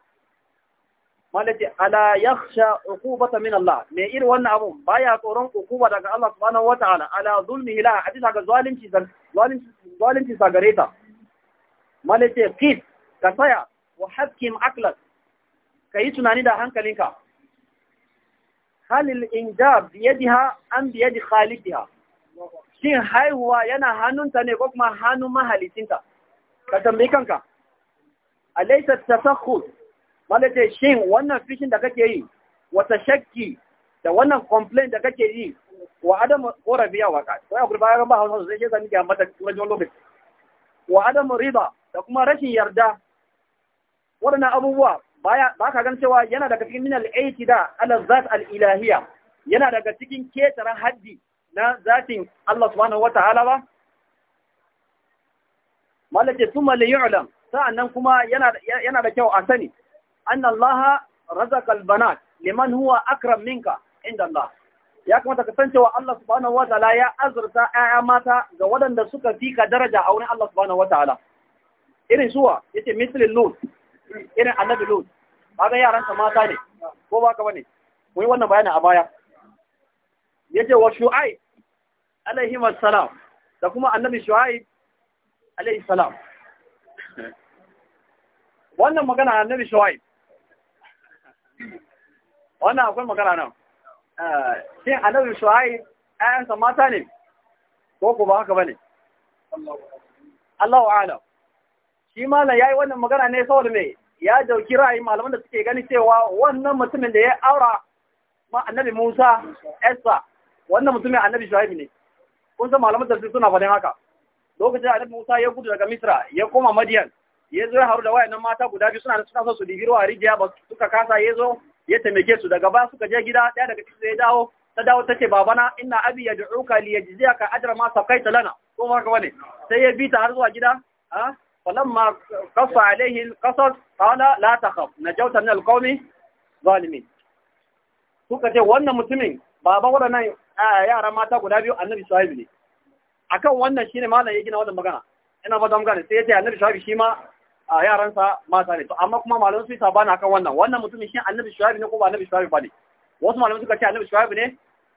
malati ala yakhsha uqubata min Allah me irin wannan abu baya tsoron uquba daga Allah subhanahu wataala ala zulmihi la hadisa ga zalunci zalunci zalunci sagareta malati kit ka wa hakim aklat kai tunani da hankalinka halil injab biyadiha am biyadi khaliqiha shin haihuwa yana hannunta ne ko kuma hannun mahalicinta ka tambayi kanka A alaysa tasakhus malaka shin wannan fishin da kake yi wata shakki da wannan complaint da kake yi wa adam korafi ya waka sai a gurba yaron ba hausa sai sai nake mata wajen lokaci wa adam riba da kuma rashin yarda waɗannan abubuwa ba ka gan cewa yana daga cikin minal aiki da ala zat al yana daga cikin ketaren haddi na zatin Allah subhanahu wa ta'ala ba? Malake sun mali yu'lam, sa'an kuma yana da kyau a sani, an Allah razaka albanat liman huwa akram minka inda Allah. Ya kamata ka san cewa Allah subhanahu wa ta'ala ya azurta ‘ya'ya mata ga waɗanda suka fi ka daraja a wurin Allah subhanahu wa ta'ala. Irin suwa, yace mislin Lut, irin annabi Lut, ga yaransa mata ne, ko ba ka bane, mun yi wannan bayani a baya. Yace wa Shu'aib alaihi salam da kuma annabi shu'aib alaihi salam wannan magana annabi shu'aib wannan akwai magana nan shin annabi shu'aib ayansa mata ne ko ko ba haka bane Allahu a'lam shi malam yayi wannan magana ne saboda me ya dauki ra'ayi malaman da suke gani cewa wannan mutumin da ya aura ma annabi Musa Isa wannan mutumin annabi Shu'aib ne kun san malaman tafsir suna faɗin haka lokacin da Musa ya gudu daga Misra ya koma Madian ya zo ya haru da wayannan mata guda biyu suna suna son su dibiro a rijiya ba suka kasa ya zo ya taimake su daga ba suka je gida ɗaya daga cikin ya dawo ta dawo ta ce babana ina abi ya du'uka li yajziyaka ajra ma saqaita lana ko ma ka ne sai ya bi ta har zuwa gida ha falamma qasa alaihi alqasas qala la takhaf najawta min alqawmi zalimin suka ce wannan mutumin baba wannan yaran mata guda biyu annabi shuhaib ne akan wannan shine malam ya gina wannan magana ina fata mun gane sai yace annabi shuhaib shi ma a yaransa mata ne to amma kuma malamin su sabana akan wannan wannan mutumin shi annabi shuhaib ne ko ba annabi shuhaib ba ne wasu malamin suka ce annabi shuhaib ne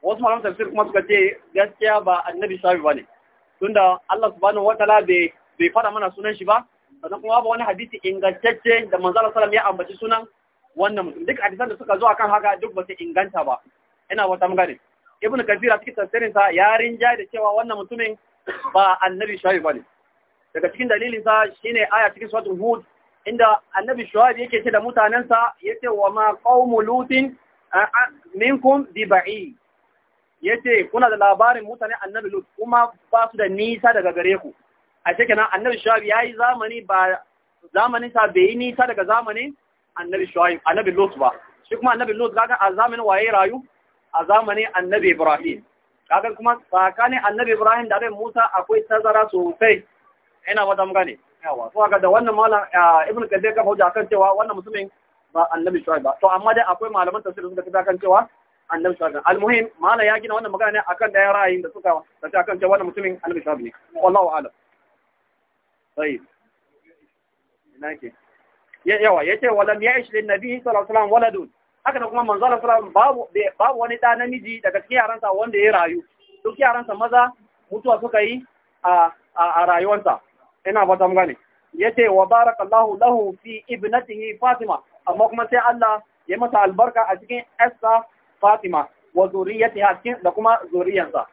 wasu malamin tafsir kuma suka ce gaskiya ba annabi shuhaib ba ne tunda Allah subhanahu wataala bai bai fara mana sunan shi ba sannan kuma ba wani hadisi ingantacce da manzo Allah ya ambaci sunan wannan mutum duk hadisan da suka zo akan haka duk ba su inganta ba ina wata mun gane ibn kafira a cikin tafsirin ya rinja da cewa wannan mutumin ba annabi shuaib bane daga cikin dalilin sa shine aya cikin suratul hud inda annabi shuaib yake ce da mutanen sa yace wa ma qaumu lutin minkum ba'i yace kuna da labarin mutane annabi lut kuma ba su da nisa daga gare ku a cikin annabi shuaib yayi zamani ba zamanin sa bai nisa daga zamanin annabi shuaib annabi lut ba shi kuma annabi lut kaga a zamanin waye rayu a zamanin annabi Ibrahim. Kaga kuma tsakanin annabi Ibrahim da abin Musa akwai tazara sosai. Ina mata mun ne. Yawa, kuma kaga da wannan malam Ibn Kathir ka fauja kan cewa wannan musulmin ba annabi Shuaib ba. To amma dai akwai malaman tafsir da suka fita kan cewa annabi Shuaib Almuhim malam ya gina wannan magana ne akan da ra'ayin da suka tafi kan cewa wannan musulmin annabi Shuaib ne. Wallahu a'lam. Tayyib. Ina ke. Yawa, yace walam ya'ish lin nabi sallallahu alaihi wasallam waladun. haka da kuma manzo Allah sallallahu babu babu wani da namiji daga cikin yaransa wanda ya rayu duk yaransa maza mutuwa suka yi a a rayuwarsa ina fata mun gane yace wa barakallahu lahu fi ibnatihi Fatima amma kuma sai Allah ya masa albarka a cikin Esther Fatima wa zuriyatiha cikin da kuma zuriyansa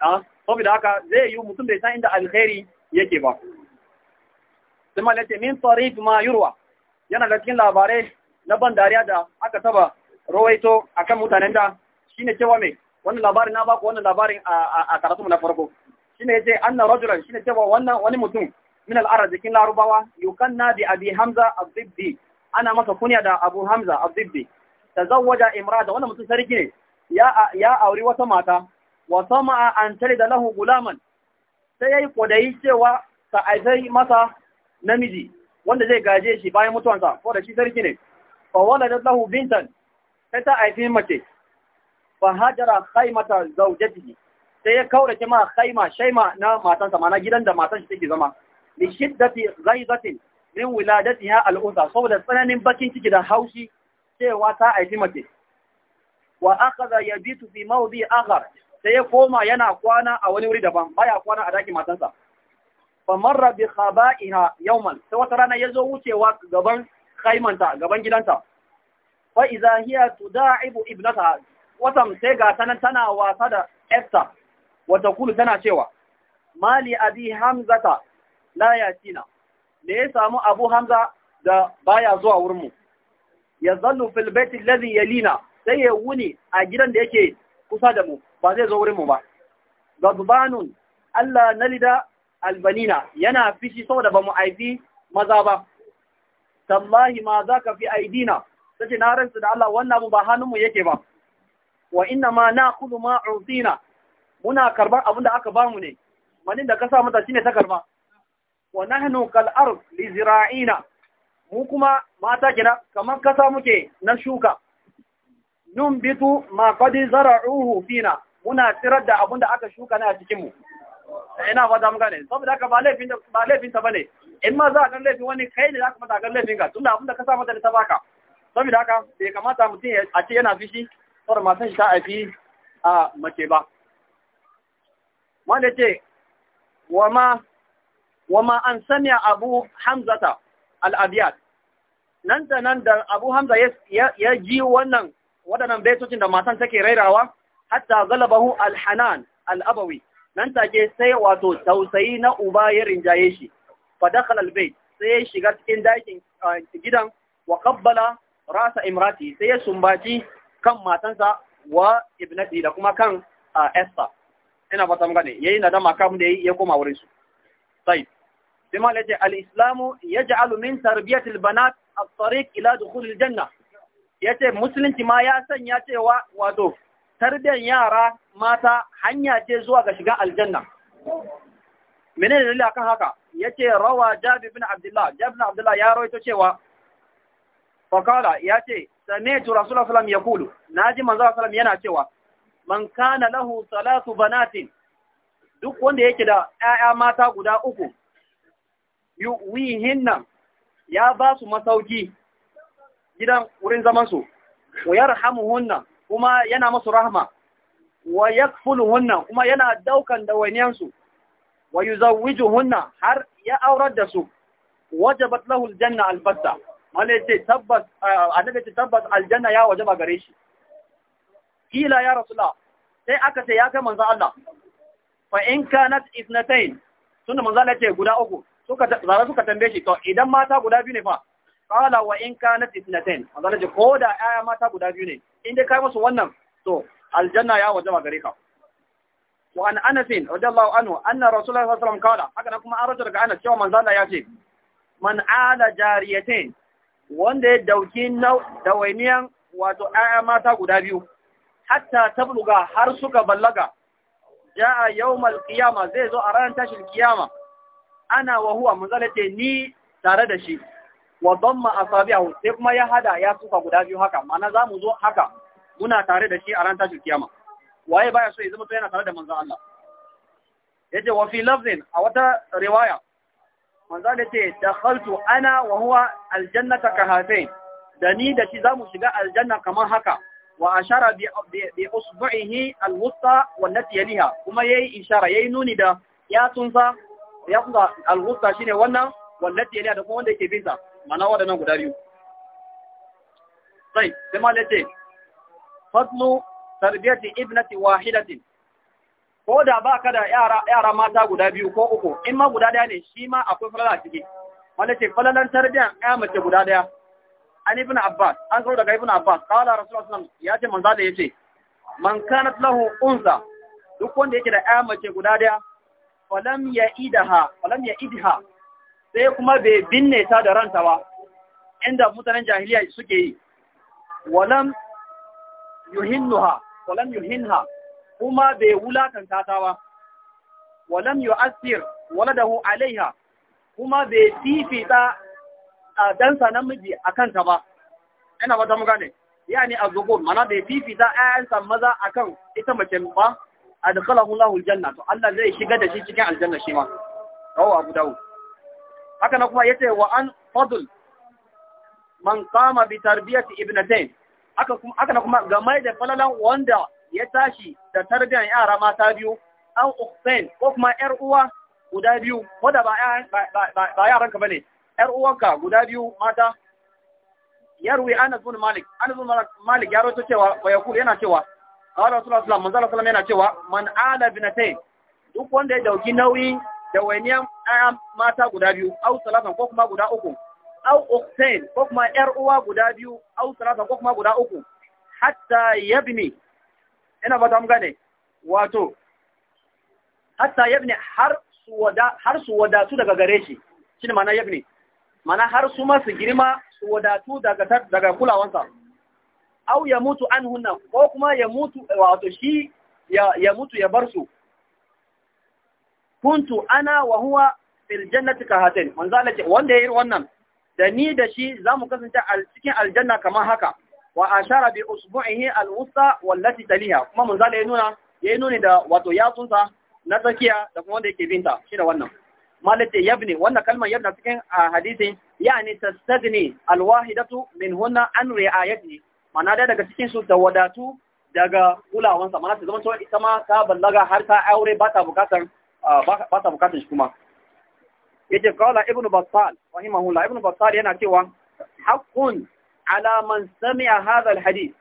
ah saboda haka zai yi mutum bai san inda alkhairi yake ba sai malace min tarif ma yurwa yana da cikin labarai na ban dariya da aka taba rawaito akan mutanen da shine cewa mai wannan labarin na baku wannan labarin a karatu na farko shine yace anna rajulan shine cewa wani mutum min al jikin larubawa yukanna bi abi hamza az ana masa kunya da abu hamza az-zibdi tazawwaja imrata wannan mutum sarki ne ya auri wata mata wa sama'a an talida lahu gulaman sai yayi kodayi cewa ta aifai masa namiji wanda zai gaje shi bayan mutuwansa ko da shi sarki ne fa waladat lahu bintan sai ta haifi mace fa hajara khaymata zawjatihi sai ya kaurace ma khayma shaima na matansa mana gidan da matan shi take zama li shiddati ghaizatin min wiladatiha al-unsa saboda tsananin bakin ciki da haushi cewa ta haifi mace wa akhadha yabitu fi mawdi akhar sai ya koma yana kwana a wani wuri daban baya kwana a dakin matansa fa marra bi khaba'iha yawman sai wata rana ya zo wucewa gaban khaimanta gaban gidanta fa iza hiya tudaibu ibnataha watam sai ga tana wasa da efta. wata kulu tana cewa mali abi hamzata la yatina me ya samu abu hamza da baya zuwa wurin mu ya zallu fil baiti alladhi yalina sai ya wuni a gidan da yake kusa da mu ba zai zo wurin mu ba gadbanun Allah nalida albanina yana fishi saboda ba mu aifi maza ba tallahi ma zaka fi aidina tace na ransu da Allah wannan abu ba hannunmu yake ba wa inna ma na'khudhu ma utina muna karbar abin da aka bamu ne manin da ka sa mata shine ta karba wa nahnu kal ard li zira'ina mu kuma mata kina kamar sa muke na shuka numbitu ma qad zara'uhu fina muna tirar da abin da aka shuka ne a cikin mu ina fata muka ne saboda haka ba laifin ba laifin ta bane in ma za ka laifin wani kai ne za ka mata ga laifin ka tunda abin da ka sa mata ne ta baka saboda haka bai kamata mutum ya ce yana fishi saboda matan shi ta haifi a mace ba wanda ce wama wama an sami abu hamzata al'abiyat nan da nan da abu hamza ya ji wannan waɗannan betocin da matan take rairawa hatta galabahu alhanan al'abawi nan take sai wato tausayi na uba ya rinjaye shi fadakal albayt sai ya shiga cikin dakin gidan wa qabbala rasa imrati sai ya sumbaci kan matansa wa ibnati da kuma kan Esther ina fata mun gane yayi nadama kan da yi, ya koma wurin su sai sai malai ce al-islamu yaj'alu min tarbiyatil banat at-tariq ila dukhulil janna yace musulunci ma ya sanya cewa wato tarbiyan yara mata hanya ce zuwa ga shiga aljanna menene dalili akan haka yace rawa jabi ibn abdullah jabi ibn abdullah ya rawaito cewa fakala ya ce sami'tu rasulullah sallam ya kulu naji manzo sallam yana cewa man kana lahu salatu banatin duk wanda yake da ƴaƴa mata guda uku hinna ya ba su masauki gidan wurin zaman su wa yarhamuhunna kuma yana masu rahma wa yakfuluhunna kuma yana daukan da su wa yuzawwijuhunna har ya aurar da su wajabat lahu aljanna albatta wanda ya ce tabbas ah, annabi ce tabbas aljanna ya waje gare shi kila ya rasula sai aka ce ya kai manzo Allah fa in kanat ithnatayn tunda manzo Allah ce guda uku suka zara suka tambaye shi to idan mata guda biyu ne fa qala wa in kanat ithnatayn manzo Allah ce ko da aya mata guda biyu ne in dai kai musu wannan to aljanna ya waje gare ka wa an anas radiyallahu anhu anna rasulullahi sallallahu alaihi wasallam qala haka kuma an daga anas cewa manzo Allah ya ce man ala jariyatain wanda ya dauki dawainiyan wato ‘ya'ya mata guda biyu, hatta tabluga har suka ballaga, ja'a yawmal kiyama zai zo a ranar tashin kiyama, ana wa huwa manzalate ni tare da shi, wa don ma'asabiyahu sai kuma ya hada ya suka guda biyu haka, mana za mu zo haka muna tare da shi a ranar tashin kiyama. Waye baya so ya zama yana tare da manzan Allah. Yace wa fi lafzin a wata riwaya manzo da ce dakhaltu ana wa huwa aljannata ka da ni da shi zamu shiga aljanna kamar haka wa ashara bi usbu'ihi alwusta wallati yaliha kuma yayi ishara yayi nuni da ya tunza ya tunsa alwusta shine wannan wallati yaliha da kuma wanda yake binsa mana wadannan guda biyu sai sai malai fadlu tarbiyati ibnati wahidatin ko da ba ka da yara mata guda biyu ko uku in ma guda daya ne shi ma akwai falala ciki wanda ce falalan tarbiyyar ya mace guda daya an ibn abbas an karo daga ibn abbas kawala rasulullah sallam ya ce manza da ya ce. man kanat lahu unza duk wanda yake da ya mace guda daya falam ya idaha falam ya idha sai kuma bai binne ta da ranta ba inda mutanen jahiliya suke yi walam yuhinnuha walam yuhinha kuma bai wulakanta ta ba walam yu'assir waladahu alaiha kuma bai fifita dansa namiji akan ta ba ina ba ta mu ne yani azzukur mana bai fifita ayansa maza akan ita mace ba adkhalahu Allahu aljanna to Allah zai shiga da shi cikin aljanna shi ma rawu Abu Dawud haka na kuma yace wa an fadl man qama bi tarbiyati ibnatayn haka kuma haka na kuma game da falalan wanda ya tashi da tarbiyyar yara mata biyu an uksen ko kuma yar uwa guda biyu wadda ba yaranka ba ne yar guda biyu mata yarwi anas bin malik anas bin malik ya rawaito cewa ya yaqul yana cewa wadda wasu sallallahu alaihi wasallam yana cewa man ala binatayn duk wanda ya dauki nauyi da waniyan ɗaya mata guda biyu au salatan ko kuma guda uku au uktain ko kuma yar uwa guda biyu au salatan ko kuma guda uku hatta yabni ina fata mun gane wato hatta yabni har su wada har su wadatu daga gare shi shine ma'ana yabni mana har su ma su girma su wadatu daga daga kulawansa au ya mutu an hunna ko kuma ya mutu wato shi ya mutu ya bar su kuntu ana wa huwa fil jannati ka hatin wanda Allah ce wanda yayi wannan da ni da shi zamu kasance a cikin aljanna kamar haka wa ashara bi usbu'ihi al-wusta wallati taliha kuma mun zala ya nuna yayi nuni da wato yatsunsa na tsakiya da kuma wanda yake binta shi da wannan malaka yabni wannan kalmar yabna cikin hadisi yani tasadni al-wahidatu min hunna an ri'ayati mana da daga cikin su ta wadatu daga kulawansa mana ta zama ita ma ta ballaga har ta aure ba ta bukatar ba ta bukatar shi kuma yace qala ibnu battal rahimahullah ibnu battal yana cewa hakun. ala man sami'a hadha alhadith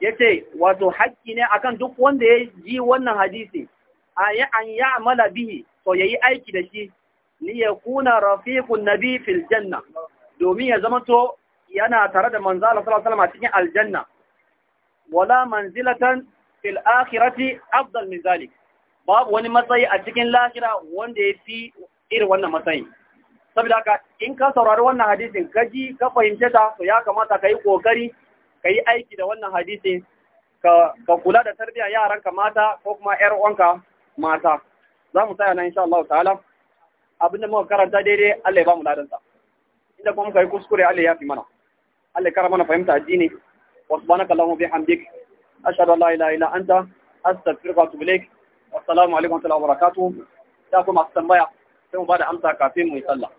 yace wato haƙƙi ne akan duk wanda ya ji wannan hadisi ayi an ya'mala bihi to yayi aiki da shi li yakuna rafiqun nabi fil janna domin ya zama to yana tare da manzo Allah sallallahu alaihi a cikin aljanna wala manzilatan fil akhirati afdal min zalik babu wani matsayi a cikin lahira wanda ya fi irin wannan matsayin saboda ka in ka saurari wannan hadisin ka ji ka fahimce ta to ya kamata ka yi kokari ka yi aiki da wannan hadisin ka kula da tarbiyya yaranka mata ko kuma yar uwanka mata za mu tsaya nan insha Allah ta'ala abinda muka karanta daidai Allah ya ba mu sa inda kuma muka yi kuskure Allah ya fi mana Allah ya kara mana fahimta addini wa subhanaka allahumma bihamdik ashhadu an la ilaha illa anta astaghfiruka wa atubu ilaik assalamu alaikum wa rahmatullahi wa barakatuh da kuma tambaya sai mu bada amsa kafin mu yi sallah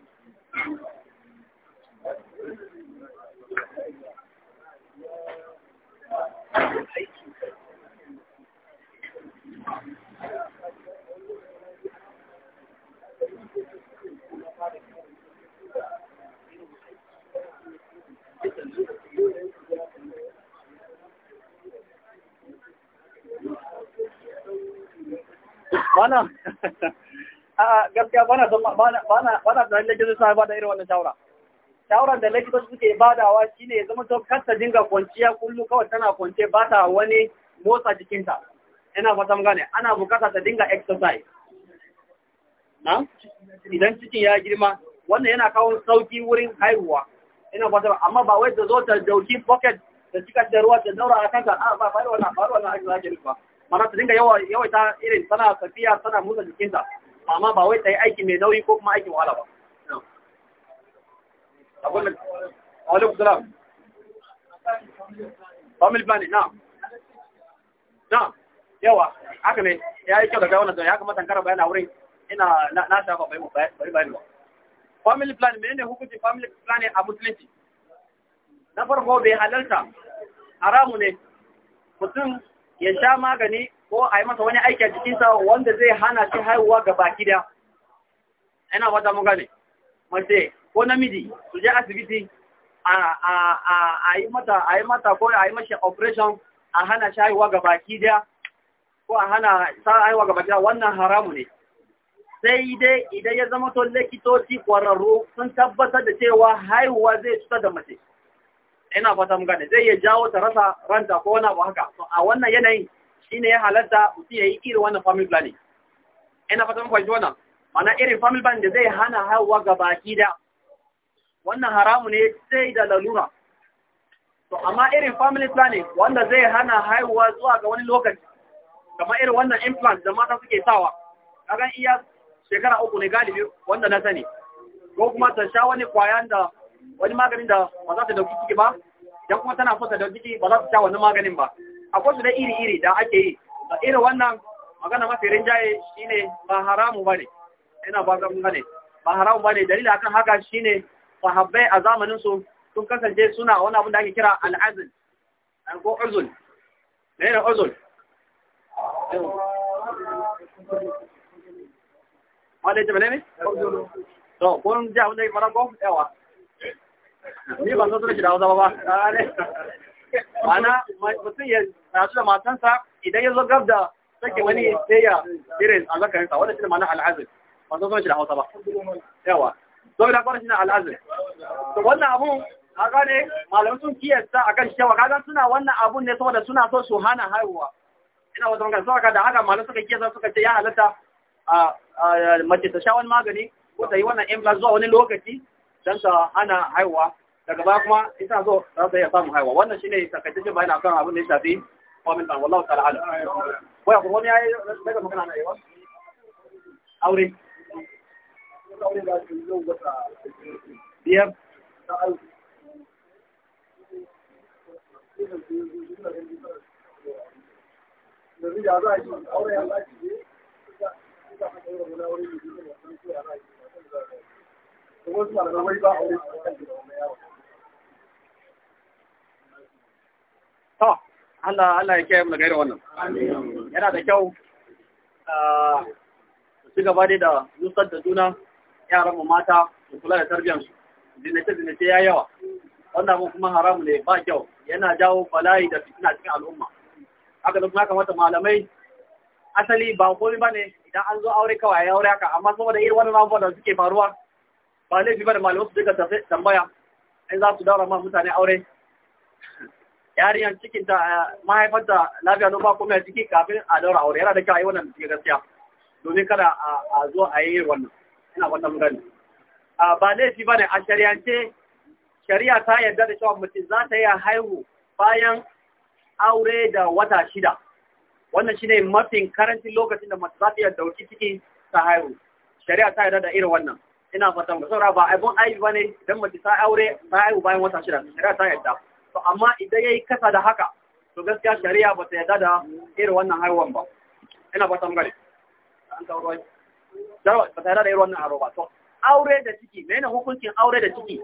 Mana? a gaskiya bana son bana bana da likitoci suna bada irin wannan shawara shawaran da likitoci suke badawa shine ya zama to ta dinga kwanciya kullum kawai tana kwance ba ta wani motsa jikinta ina fata mun gane ana bukata ta dinga exercise na idan cikin ya girma wannan yana kawo sauki wurin haihuwa ina fata amma ba wai ta zo ta dauki pocket da cika da ruwa da daura a kanka a ba faruwa na faruwa na ake ba mana ta dinga yawa yawa ta irin tana tafiya tana motsa jikinta amma ba wai ta yi aiki mai nauyi ko kuma aikin wahala ba alaikum salam family planning na na yawa haka ne ya yi kyau daga kai wannan ya kamata kara a wurin ina na shafa bai bari bayani ba family planning ne hukunci family planning a musulunci na farko bai halarta haramu ne mutum ya sha magani ko a yi masa wani aiki a jikinsa wanda zai hana shi haihuwa ga baki da ina wata mu gane mace ko namiji su je asibiti a yi mata a yi mata ko a yi mashi operation a hana shi haihuwa ga baki da ko a hana sa haihuwa ga baki da wannan haramu ne sai dai idan ya zama to likitoci kwararru sun tabbatar da cewa haihuwa zai cutar da mace ina fata mu gane zai iya jawo ta rasa ranta ko wani abu haka a wannan yanayin ne ya halatta mutum ya yi irin wannan family planning ina fatan kwanci wannan mana irin family planning da zai hana haihuwa ga baki da wannan haramu ne sai da lalura to amma irin family planning wanda zai hana haihuwa zuwa ga wani lokaci kamar irin wannan implant da mata suke sawa kaga iya shekara uku ne galibi wanda na sani ko kuma ta sha wani kwayan da wani maganin da ba za ta dauki ciki ba Idan kuma tana so ta dauki ciki ba za ta sha wani maganin ba akwai su da iri-iri da ake yi da irin wannan magana mafi rinjaye ne. ba haramu bane ina ba zan ne ba haramu ne dalilin akan haka shine sahabbai a zamanin su sun kasance suna wani abin da ake kira al'azin ko uzul ne uzul ita ne to kun ji abin da ya fara ko yawa ni su da shi da hausa ba ba Mana mutum ya rasu da matansa idan ya zo gab da sake wani sai ya a azzakarinsa wanda shi da mana al'azir. Wanda zo shi da hausa ba. Yawa. Zo da fara shi na al'azir. To wannan abun a gane malamai sun kiyasta akan shi cewa kaga suna wannan abun ne saboda suna so su hana haihuwa. Ina wata magana saboda da haka malamai suka kiyasta suka ce ya halatta a mace ta sha wani magani ko ta yi wannan implant zuwa wani lokaci don ta hana haihuwa daga ba kuma ita zo za ta iya samu haihuwa wannan shine takaitaccen bayani akan abin da ya shafi kwamin ɗan wallahu ta'ala alam waya kuma wani yayi daga magana na yawa aure biyar a wani to Allah Allah ya kiyaye mu daga wannan yana da kyau a ah, su gaba da nusar da juna yaran mu mata su kula da tarbiyyar su dinace dinace ya yawa wannan abun kuma haramu ne ba kyau yana jawo bala'i da fitina cikin al'umma haka da kuma kamata malamai asali ba komai ba ne idan an zo aure kawai ya aure haka amma saboda irin wannan abubuwan da suke faruwa ba laifi ba da malamai su duka tambaya in za su daura ma mutane aure yariyan cikin ta eh, mahaifar da lafiya don ba komai ciki kafin a daura aure yana da kyau a yi wannan cikin gaskiya domin kada a zo a yi wannan ina wannan gani ah, ba laifi ba ne a shari'ance shari'a ta yarda da cewa mutum za ta yi haihu bayan aure da wata shida wannan shine mafin karancin lokacin da mace za ta iya dauki ciki ta haihu shari'a ta yarda da irin wannan ina fatan ba saboda ba abin aibi ba ne idan mace ta aure ta haihu bayan wata shida shari'a ta yarda to amma idan yayi kasa da haka to gaskiya shari'a ba ta yarda da irin wannan haihuwan ba ina ba ta mgare an ba ta yadda da irin wannan harwa to aure da ciki menene hukuncin aure da ciki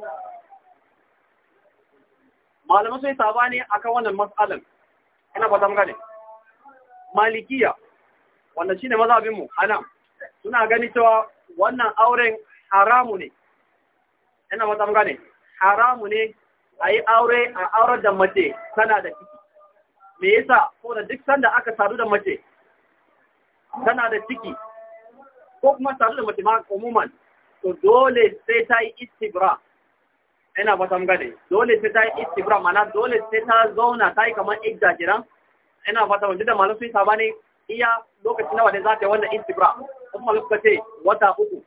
malamai sun sabani akan wannan mas'alan ina ba ta mgare malikiya wanda shine mazhabin mu anan suna gani cewa wannan auren haramu ne ina ba ta mgare haramu ne a yi aure a aurar da mace tana da ciki me yasa ko da duk sanda aka sadu da mace tana da ciki ko kuma sadu da mace ma umuman to dole sai ta yi istibra ina ba tam gane dole sai ta yi istibra mana dole sai ta zauna ta yi kamar exageran ina ba tam da malu sun saba ne iya lokaci nawa ne za ta yi wannan istibra wasu malu suka ce wata uku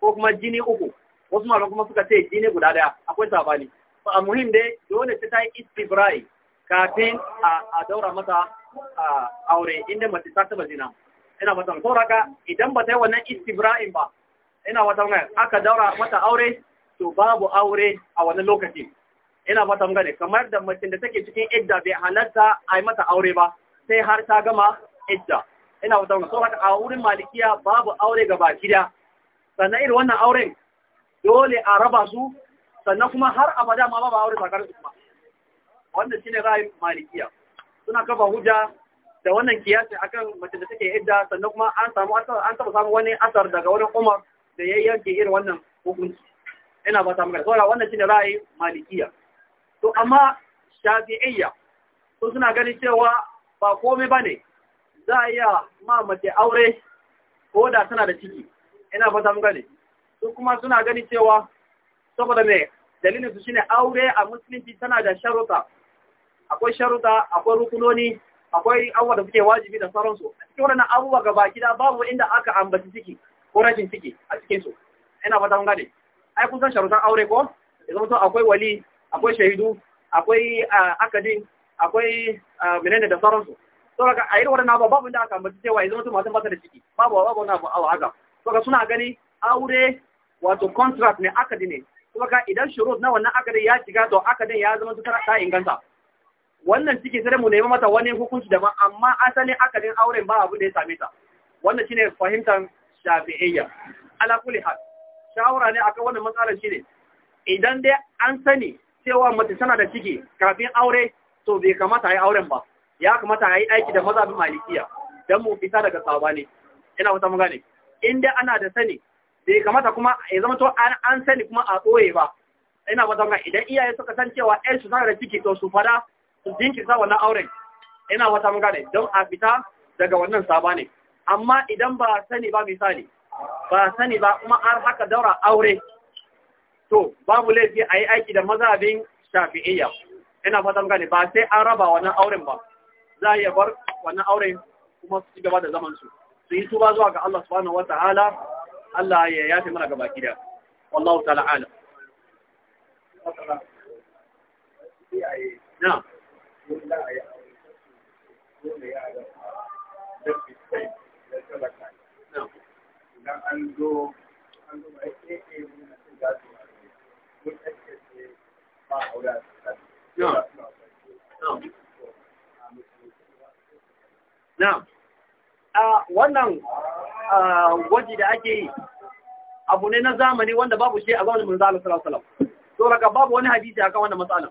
ko kuma jini uku wasu kuma suka ce jini guda daya akwai sabani a muhim dai dole sai ta yi istibrai kafin a daura mata aure inda mace ta taba zina ina watan ko raka idan ba ta yi wannan istibrai ba ina watan ga aka daura mata aure to babu aure a wannan lokaci ina watan ga kamar da mace da take cikin idda bai halarta a yi mata aure ba sai har ta gama idda ina watan ga so a wurin malikiya babu aure gaba gida sannan irin wannan auren dole a raba su sannan kuma har abada ma ba ba aure tsakanin su kuma wannan ne ra'ayin malikiya suna kafa hujja da wannan kiyasi akan mace da take idda sannan kuma an samu an taba samu wani asar daga wani Umar da ya yanke irin wannan hukunci ina ba ta magana saboda wannan ne ra'ayin malikiya to amma shafi'iyya su suna ganin cewa ba komai ba ne? za a iya ma mace aure ko da tana da ciki ina ba ta magana su kuma suna ganin cewa saboda ne dalilin su shine aure a musulunci tana da sharuta akwai sharuta akwai rukunoni akwai abubuwa da suke wajibi da sauransu a cikin wannan abubuwa gaba gida babu inda aka ambaci ciki ko rashin ciki a cikin su ina fata mun gane ai kun san sharutan aure ko idan mutum akwai wali akwai shahidu akwai akadin akwai menene da sauransu to kaga a irin wannan abubuwa babu inda aka ambaci cewa idan mutum to matan ba da ciki babu babu wani abu haka to ka suna gani aure wato contract ne akadi ne kuma ka idan shurut na wannan akadin ya shiga to akadin ya zama tutar ta inganta wannan ciki sai mu nemi mata wani hukunci daban amma asalin akadin auren ba abu da ya same ta wannan shine fahimtar shafi'iyya ala kulli hal shawara ne akan wannan matsalar shine idan dai an sani cewa mace tana da ciki kafin aure to bai kamata a auren ba ya kamata aiki da mazabin malikiya don mu fita daga sabani ina wata magana in dai ana da sani bai kamata kuma ya zama to an sani kuma a tsoye ba ina ba idan iyaye suka san cewa ƴan su da ciki to su fada su sa wannan auren ina wata mun gane don a fita daga wannan saba ne amma idan ba sani ba misali ba sani ba kuma an haka daura aure to babu laifi a yi aiki da mazabin shafi'iyya ina fata gane ba sai an raba wannan auren ba za a iya bar wannan auren kuma su ci gaba da zaman su su yi tuba zuwa ga Allah subhanahu wataala Allah ya yafe mana gaba gida wallahu ta'ala ala na ba wannan gwaji da ake yi abu ne na zamani wanda babu shi a zamanin manzo Allah Salam. So to babu wani hadisi akan wannan matsala.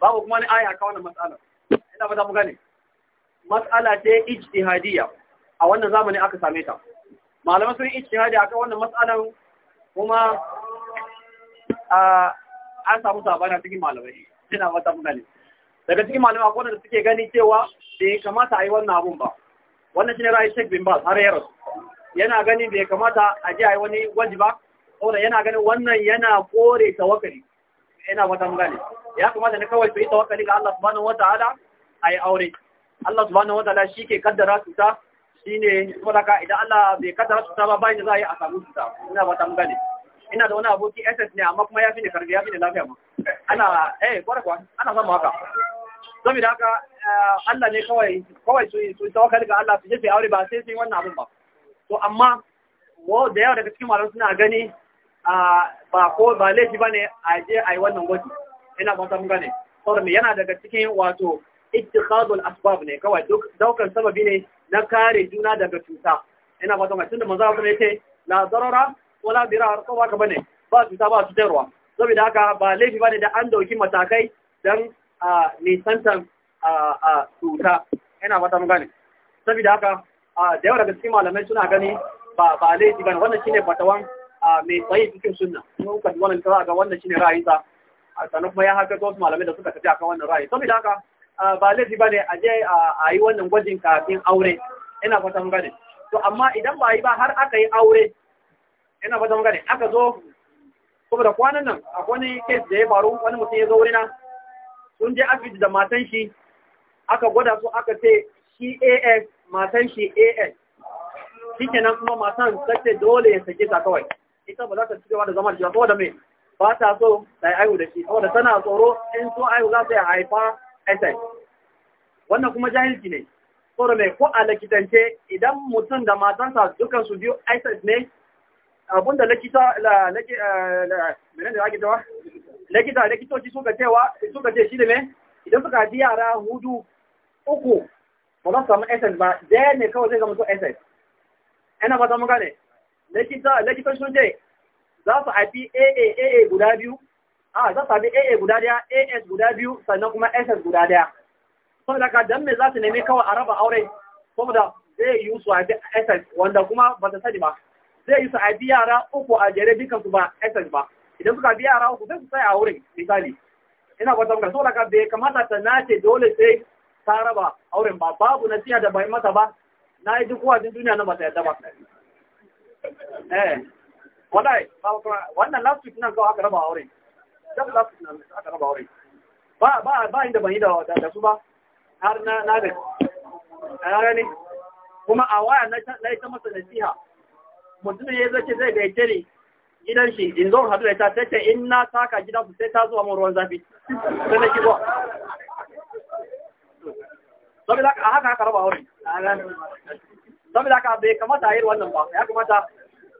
babu kuma wani aya akan wannan matsala. ina ba za mu gane matsala ce ijtihadiyya a wannan zamani aka same ta malamai sun ijtihadi akan wannan matsala kuma an samu sabana cikin malamai ina ba za mu gane daga cikin malamai akwai wanda suke gani cewa bai kamata a yi wannan abun ba wannan shine ra'ayi Sheikh bin Baz har ya rasu yana ganin bai kamata a ji ai wani waji ba saboda yana ganin wannan yana kore tawakkali yana wata gane ya kamata ne kawai su tawakali tawakkali ga Allah subhanahu wataala ai aure Allah subhanahu wataala ke kaddara su ta shine saboda idan Allah bai kaddara su ta ba bayan za a yi a samu su ta ina wata gane ina da wani aboki SS ne amma kuma ya fi ne karfi ya fi ne lafiya ma ana eh kwara kwa ana samu haka saboda haka Allah ne kawai kawai su su tawakkal ga Allah su jefe aure ba sai sun wannan abin ba to amma wo da yawa daga cikin malamai suna gani ba ko ba laifi bane a je ai wannan gwaji ina fata mun gane saboda yana daga cikin wato ittikhadul asbab ne kawai duk daukar sababi ne na kare juna daga cuta ina fata mun tunda manzo Allah yace la darara wala dirar ko ba bane ba cuta ba cutarwa saboda haka ba laifi bane da an dauki matakai dan a nisantan a cuta ina fata mun gane saboda haka da yawa daga cikin malamai suna gani ba ba laifi gane wannan shine fatawan mai tsayi cikin sunna mun ka wannan kaza ga wannan shine ra'ayinsa sannan kuma ya haka wasu malamai da suka tafi akan wannan ra'ayi saboda haka ba laifi bane a je a yi wannan gwajin kafin aure ina fata mun gane to amma idan ba yi ba har aka yi aure ina fata mun gane aka zo saboda kwanan nan akwai wani case da ya faru wani mutum ya zo wurina sun je asibiti da matan shi aka gwada su aka ce shi as matan shi as shi nan kuma matan sace dole ya sake ta kawai ita ba za ta cigaba da zama da shi da mai ba ta so ta yi aihu da shi saboda tana tsoro in so aihu za ta haifa SS. Wannan kuma jahilci ne, saboda mai ko a lakitance idan mutum da matansa dukan su biyu SS ne, abinda lakita lakita eh, lakitoci suka cewa suka ce shi da me idan suka haɗi yara hudu uku ba za su samu essence ba daya ne kawai zai zama to essence ina ba muka ne likita sun ce za su haifi aaa guda biyu a za su haifi aa guda daya as guda biyu sannan kuma ss guda daya da ka dan me za su nemi kawai a raba aure saboda zai yi su haifi ss wanda kuma ba ta sani ba zai yi su haifi yara uku a jere dukan su ba ss ba idan suka bi yara uku zai su sai a wurin misali ina fata muka da ka bai kamata ta nace dole sai ta raba auren ba babu nasiha da bai mata ba na yi duk wajen duniya na mata yadda ba eh wadai wannan last week nan kawai aka raba auren just last week nan aka raba auren ba ba ba inda ban yi da da su ba har na na da ne kuma a waya na yi ta masa nasiha mutum ya zace zai gaike ni gidan shi in zo hadu da ta tace in na saka gidan su sai ta zuwa mun ruwan zafi sai na ki zuwa saboda a haka haka raba aure saboda haka bai kamata a yi wannan ba ya kamata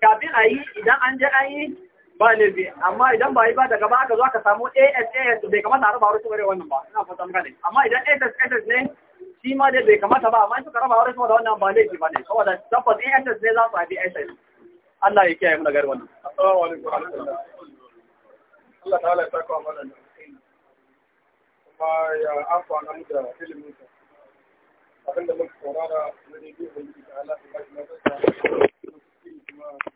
kafin a yi idan an je an yi ba laifi amma idan ba yi ba daga ba aka zo aka samu ASAS bai kamata a raba aure saboda wannan ba ina fatan gane amma idan ASAS ne shi ma dai bai kamata ba amma suka raba aure saboda wannan ba laifi ba ne saboda tabbas ASAS ne za su haifi ASAS Allah ya kiyaye mu daga wannan assalamu alaikum Allah ta'ala ya mana kuma ya amfana mu da ilimin abinda muka saurara na daidai ubangiji ta Allah ta ba shi lafiya